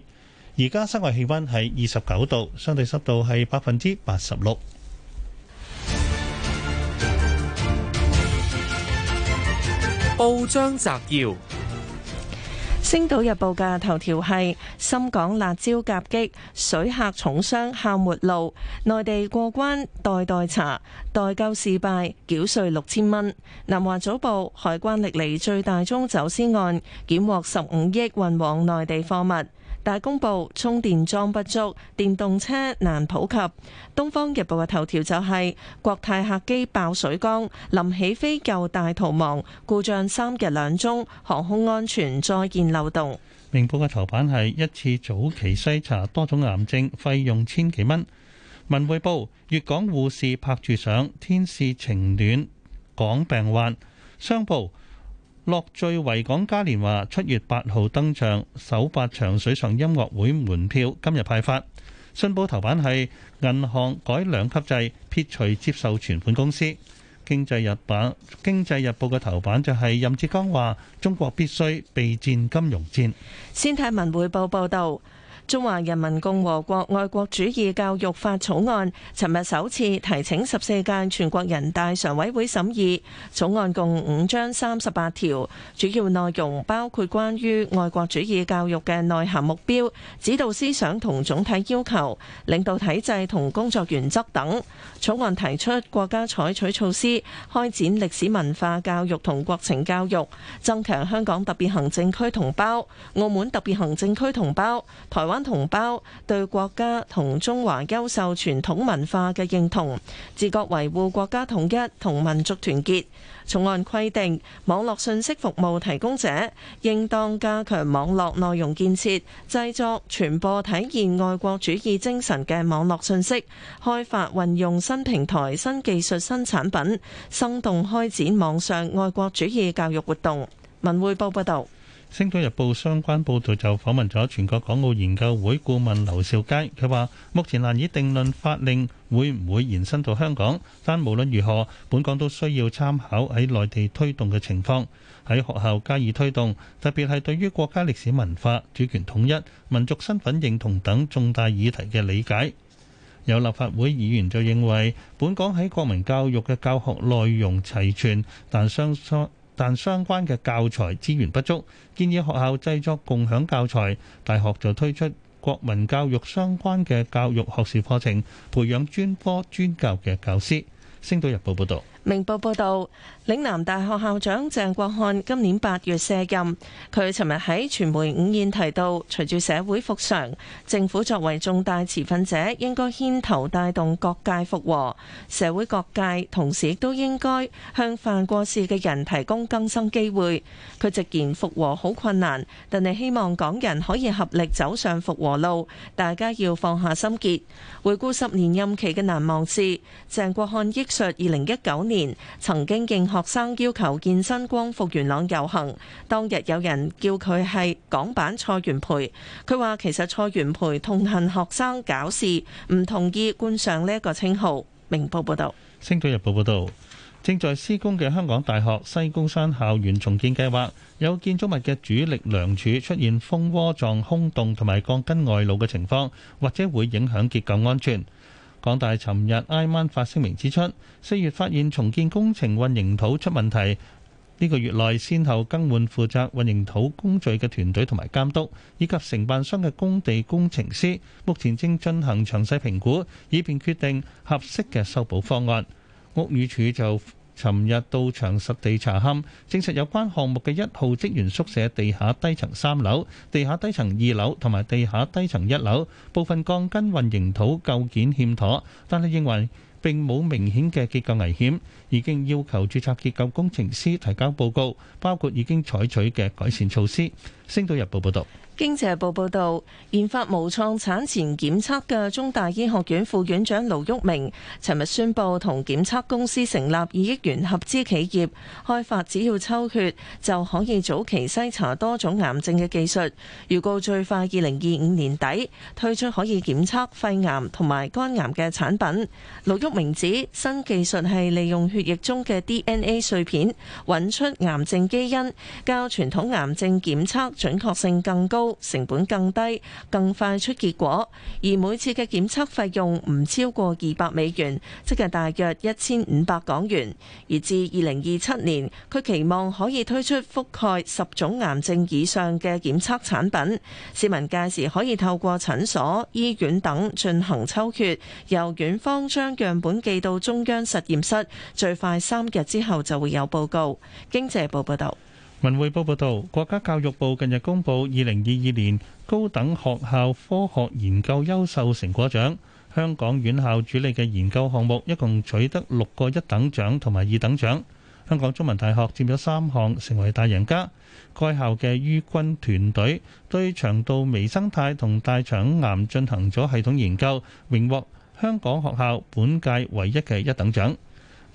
而家室外氣温係二十九度，相對濕度係百分之八十六。報章摘要：《星島日報》嘅頭條係深港辣椒夾擊，水客重傷喊末路；內地過關代代查，代購事敗繳稅六千蚊。6,《南華早報》：海關歷嚟最大宗走私案，檢獲十五億運往內地貨物。大公報：充電樁不足，電動車難普及。《東方日報》嘅頭條就係國泰客機爆水缸，臨起飛又大逃亡，故障三日兩宗，航空安全再現漏洞。《明報》嘅頭版係一次早期篩查多種癌症，費用千幾蚊。《文匯報》：粵港護士拍住上，天使情暖，港病患。商報。樂聚維港嘉年華七月八號登場，首八場水上音樂會門票今日派發。信報頭版係銀行改兩級制，撇除接受存款公司。經濟日版、經濟日報嘅頭版就係任志剛話：中國必須備戰金融戰。先睇文匯報報道。中華人民共和國愛國主義教育法草案尋日首次提請十四屆全國人大常委會審議。草案共五章三十八條，主要內容包括關於愛國主義教育嘅內涵目標、指導思想同總體要求、領導體制同工作原則等。草案提出國家採取措施開展歷史文化教育同國情教育，增強香港特別行政區同胞、澳門特別行政區同胞、台灣。同胞對國家同中華優秀傳統文化嘅認同，自覺維護國家統一同民族團結。重按規定，網絡信息服務提供者應當加強網絡內容建設，製作傳播體現愛國主義精神嘅網絡信息，開發運用新平台、新技術、新產品，生動開展網上愛國主義教育活動。文匯報報道。《星島日報》相關報導就訪問咗全國港澳研究會顧問劉兆佳，佢話：目前難以定論法令會唔會延伸到香港，但無論如何，本港都需要參考喺內地推動嘅情況，喺學校加以推動，特別係對於國家歷史文化、主權統一、民族身份認同等重大議題嘅理解。有立法會議員就認為，本港喺國民教育嘅教學內容齊全，但相信。但相關嘅教材資源不足，建議學校製作共享教材。大學就推出國民教育相關嘅教育學士課程，培養專科專教嘅教師。星島日報報導。明報報道，嶺南大學校長鄭國漢今年八月卸任。佢尋日喺傳媒午宴提到，隨住社會復常，政府作為重大持份者，應該牽頭帶動各界復和。社會各界同時亦都應該向犯過事嘅人提供更新機會，佢直言復和好困難，但係希望港人可以合力走上復和路。大家要放下心結，回顧十年任期嘅難忘事。鄭國漢憶述：二零一九年。年曾經應學生要求健身光復元朗遊行，當日有人叫佢係港版蔡元培。佢話其實蔡元培痛恨學生搞事，唔同意冠上呢一個稱號。明報報道，星島日報報道，正在施工嘅香港大學西高山校園重建計劃，有建築物嘅主力梁柱出現蜂窩狀空洞同埋鋼筋外露嘅情況，或者會影響結構安全。港大尋日挨晚發聲明指出，四月發現重建工程混凝土出問題，呢、這個月內先後更換負責混凝土工序嘅團隊同埋監督，以及承辦商嘅工地工程師，目前正進行詳細評估，以便決定合適嘅修補方案。屋宇署就尋日到場實地查勘，證實有關項目嘅一號職員宿舍地下低層三樓、地下低層二樓同埋地下低層一樓部分鋼筋混凝土構件欠妥，但係認為並冇明顯嘅結構危險，已經要求註冊結構工程師提交報告，包括已經採取嘅改善措施。星島日報報道。經濟報報道，研發無創產前檢測嘅中大醫學院副院長盧煜明，尋日宣布同檢測公司成立二億元合資企業，開發只要抽血就可以早期篩查多種癌症嘅技術。預告最快二零二五年底推出可以檢測肺癌同埋肝癌嘅產品。盧煜明指，新技術係利用血液中嘅 DNA 碎片搵出癌症基因，較傳統癌症檢測準確性更高。成本更低，更快出結果，而每次嘅檢測費用唔超過二百美元，即係大約一千五百港元。而至二零二七年，佢期望可以推出覆蓋十種癌症以上嘅檢測產品。市民屆時可以透過診所、醫院等進行抽血，由院方將樣本寄到中央實驗室，最快三日之後就會有報告。經濟報報道。文匯報報道，國家教育部近日公布二零二二年高等學校科學研究優秀成果獎，香港院校主理嘅研究項目一共取得六個一等獎同埋二等獎，香港中文大學佔咗三項，成為大贏家。該校嘅于君團隊對腸道微生態同大腸癌進行咗系統研究，榮獲香港學校本屆唯一嘅一等獎。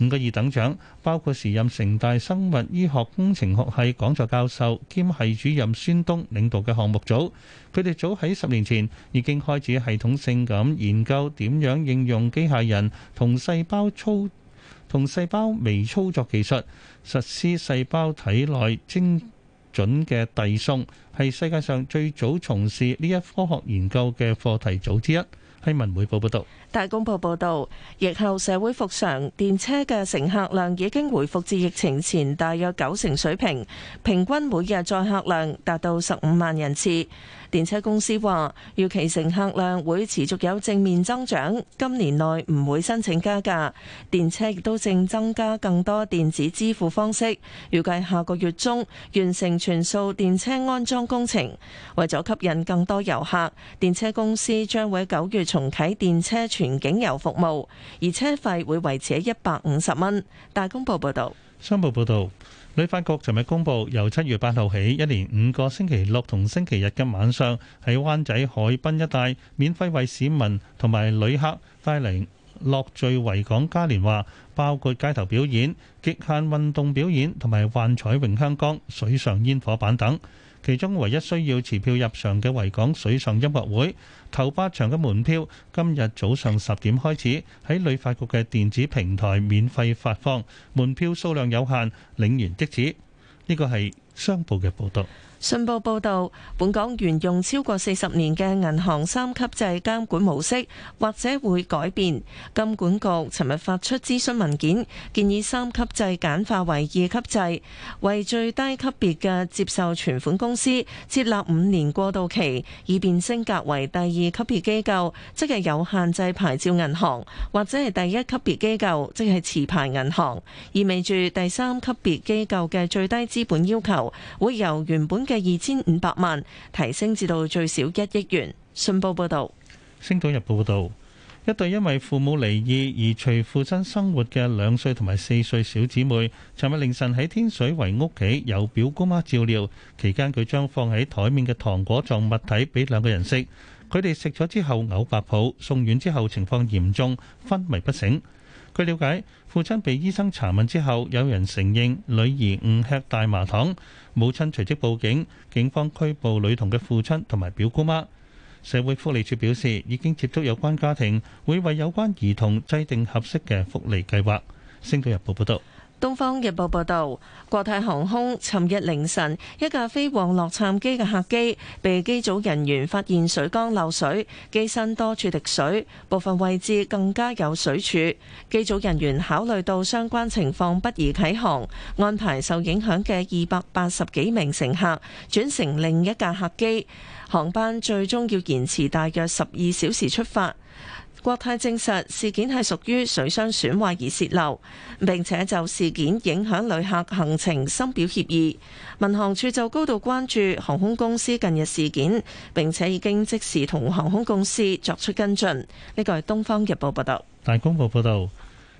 五個二等獎，包括時任城大生物醫學工程學系講座教授兼系主任孫東領導嘅項目組。佢哋早喺十年前已經開始系統性咁研究點樣應用機械人同細胞粗同細胞微操作技術，實施細胞體內精準嘅遞送，係世界上最早從事呢一科學研究嘅課題組之一。《文匯報》報道，大公報報道，疫後社會復常，電車嘅乘客量已經回復至疫情前大約九成水平，平均每日載客量達到十五萬人次。電車公司話，預期乘客量會持續有正面增長，今年內唔會申請加價。電車亦都正增加更多電子支付方式，預計下個月中完成全數電車安裝工程。為咗吸引更多遊客，電車公司將會喺九月重啟電車全景遊服務，而車費會維持喺一百五十蚊。大公報報道。商報報導。旅發局尋日公布，由七月八號起，一年五個星期六同星期日嘅晚上，喺灣仔海濱一帶免費為市民同埋旅客帶嚟樂聚維港嘉年華，包括街頭表演、極限運動表演同埋幻彩詠香江、水上煙火板等。其中唯一需要持票入場嘅維港水上音樂會頭八場嘅門票今日早上十點開始喺旅發局嘅電子平台免費發放，門票數量有限，領完即止。呢個係商報嘅報道。信報報導，本港沿用超過四十年嘅銀行三級制監管模式，或者會改變。金管局尋日發出諮詢文件，建議三級制簡化為二級制，為最低級別嘅接受存款公司設立五年過渡期，以便升格為第二級別機構，即係有限制牌照銀行，或者係第一級別機構，即係持牌銀行。意味住第三級別機構嘅最低資本要求會由原本嘅二千五百萬提升至到最少一億元。信報報道，星島日報報道，一對因為父母離異而隨父親生活嘅兩歲同埋四歲小姊妹，尋日凌晨喺天水圍屋企有表姑媽照料，期間佢將放喺台面嘅糖果狀物體俾兩個人食，佢哋食咗之後嘔白泡，送院之後情況嚴重，昏迷不醒。據了解。父親被醫生查問之後，有人承認女兒誤吃大麻糖，母親隨即報警，警方拘捕女童嘅父親同埋表姑媽。社會福利署表示已經接觸有關家庭，會為有關兒童制定合適嘅福利計劃。星島日報報導。《東方日報》報道，國泰航空尋日凌晨，一架飛往洛杉磯嘅客機被機組人員發現水缸漏水，機身多處滴水，部分位置更加有水柱。機組人員考慮到相關情況不宜啟航，安排受影響嘅二百八十幾名乘客轉乘另一架客機，航班最終要延遲大約十二小時出發。國泰證實事件係屬於水箱損壞而洩漏，並且就事件影響旅客行程深表歉意。民航處就高度關注航空公司近日事件，並且已經即時同航空公司作出跟進。呢個係東方日報報道。大公報報道，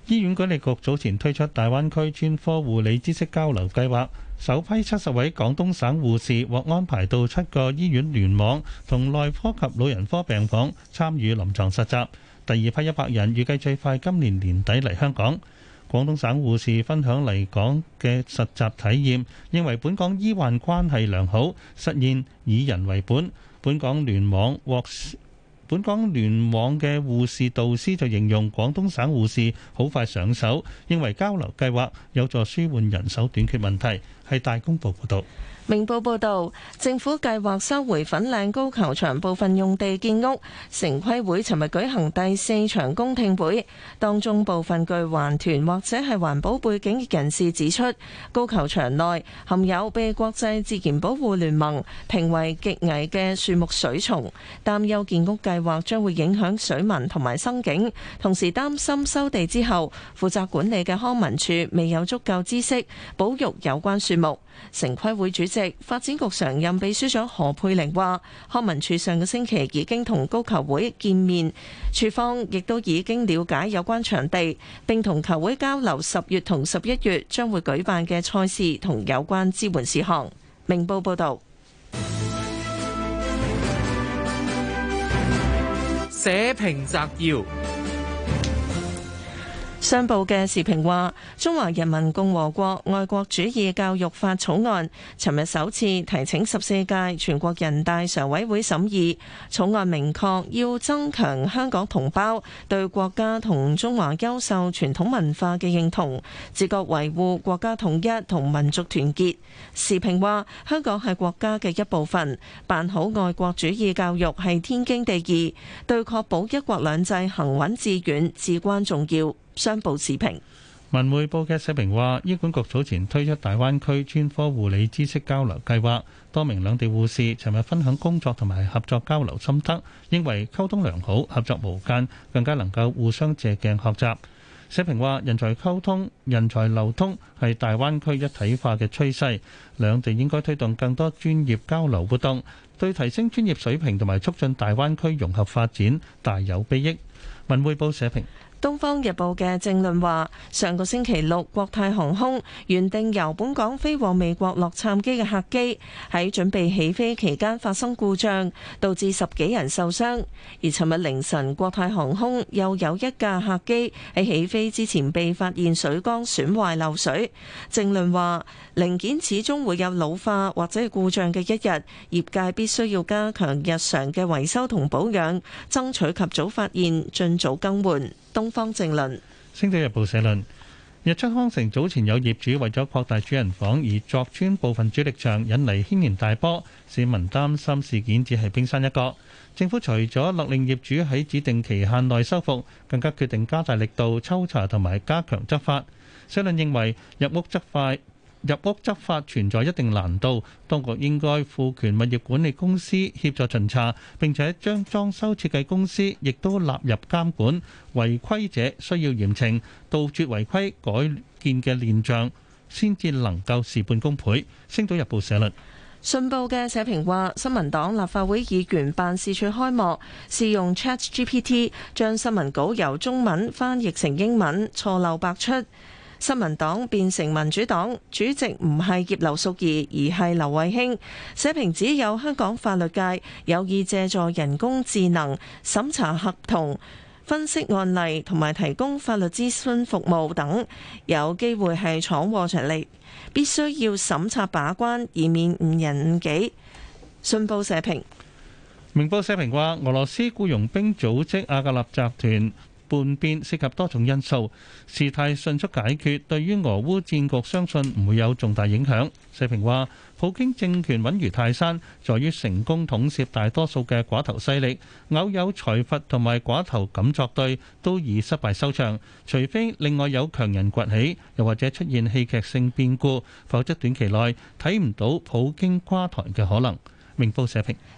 醫院管理局早前推出大灣區專科護理知識交流計劃，首批七十位廣東省護士獲安排到七個醫院聯網，同內科及老人科病房參與臨床實習。第二批一百人預計最快今年年底嚟香港。廣東省護士分享嚟港嘅實習體驗，認為本港醫患關係良好，實現以人為本。本港聯網獲本港聯網嘅護士導師就形容廣東省護士好快上手，認為交流計劃有助舒緩人手短缺問題，係大公報報道。明報報導，政府計劃收回粉嶺高球場部分用地建屋。城規會尋日舉行第四場公聽會，當中部分具環團或者係環保背景嘅人士指出，高球場內含有被國際自然保護聯盟評為極危嘅樹木水松，擔憂建屋計劃將會影響水文同埋生境，同時擔心收地之後，負責管理嘅康文署未有足夠知識保育有關樹木。城規會主席，發展局常任秘書長何佩玲話，康文署上個星期已經同高球會見面，處方亦都已經了解有關場地，並同球會交流十月同十一月將會舉辦嘅賽事同有關支援事項。明報報道。社評摘要。商報嘅時評話，《中華人民共和國愛國主義教育法草案》尋日首次提請十四屆全國人大常委會審議。草案明確要增強香港同胞對國家同中華優秀傳統文化嘅認同，自覺維護國家統一同民族團結。時評話，香港係國家嘅一部分，辦好愛國主義教育係天經地義，對確保一國兩制行穩致遠至關重要。商報視頻，文匯報嘅社評話，醫管局早前推出大灣區專科護理知識交流計劃，多名兩地護士尋日分享工作同埋合作交流心得，認為溝通良好，合作無間，更加能夠互相借鏡學習。社評話，人才溝通、人才流通係大灣區一體化嘅趨勢，兩地應該推動更多專業交流活動，對提升專業水平同埋促進大灣區融合發展大有裨益。文匯報社評。《東方日報》嘅正論話，上個星期六，國泰航空原定由本港飛往美國洛杉磯嘅客機喺準備起飛期間發生故障，導致十幾人受傷。而尋日凌晨，國泰航空又有一架客機喺起飛之前被發現水缸損壞漏水。正論話，零件始終會有老化或者故障嘅一日，業界必須要加強日常嘅維修同保養，爭取及早發現，盡早更換。東方正論。《星島日報》社論：日出康城早前有業主為咗擴大主人房而鑿穿部分主力牆，引嚟軒然大波。市民擔心事件只係冰山一角。政府除咗勒令業主喺指定期限內修復，更加決定加大力度抽查同埋加強執法。社論認為入屋執快。入屋執法存在一定難度，當局應該賦權物業管理公司協助巡查，並且將裝修設計公司亦都納入監管，違規者需要嚴懲，杜絕違規改建嘅現象，先至能夠事半功倍。星島日報社論，信報嘅社評話：新聞黨立法會議員辦事處開幕，試用 ChatGPT 將新聞稿由中文翻譯成英文，錯漏百出。新民黨變成民主黨，主席唔係葉劉淑儀，而係劉慧卿。社評指有香港法律界有意借助人工智能審查合同、分析案例同埋提供法律諮詢服務等，有機會係闖禍着力，必須要審查把關，以免誤人誤己。信報社評，明報社評話，俄羅斯僱傭兵組織瓦格納集團。叛變涉及多種因素，事態迅速解決，對於俄烏戰局相信唔會有重大影響。社評話：普京政權穩如泰山，在於成功統攝大多數嘅寡頭勢力，偶有財閥同埋寡頭敢作對，都以失敗收場。除非另外有強人崛起，又或者出現戲劇性變故，否則短期內睇唔到普京垮台嘅可能。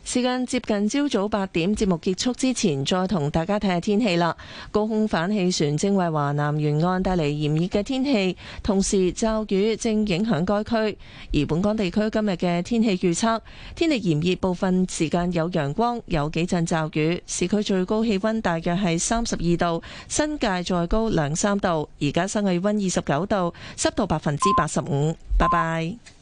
時間接近朝早八點，節目結束之前，再同大家睇下天氣啦。高空反氣旋正為華南沿岸帶嚟炎熱嘅天氣，同時驟雨正影響該區。而本港地區今日嘅天氣預測，天氣炎熱，部分時間有陽光，有幾陣驟雨。市區最高氣溫大約係三十二度，新界再高兩三度。而家市區氣溫二十九度，濕度百分之八十五。拜拜。Bye bye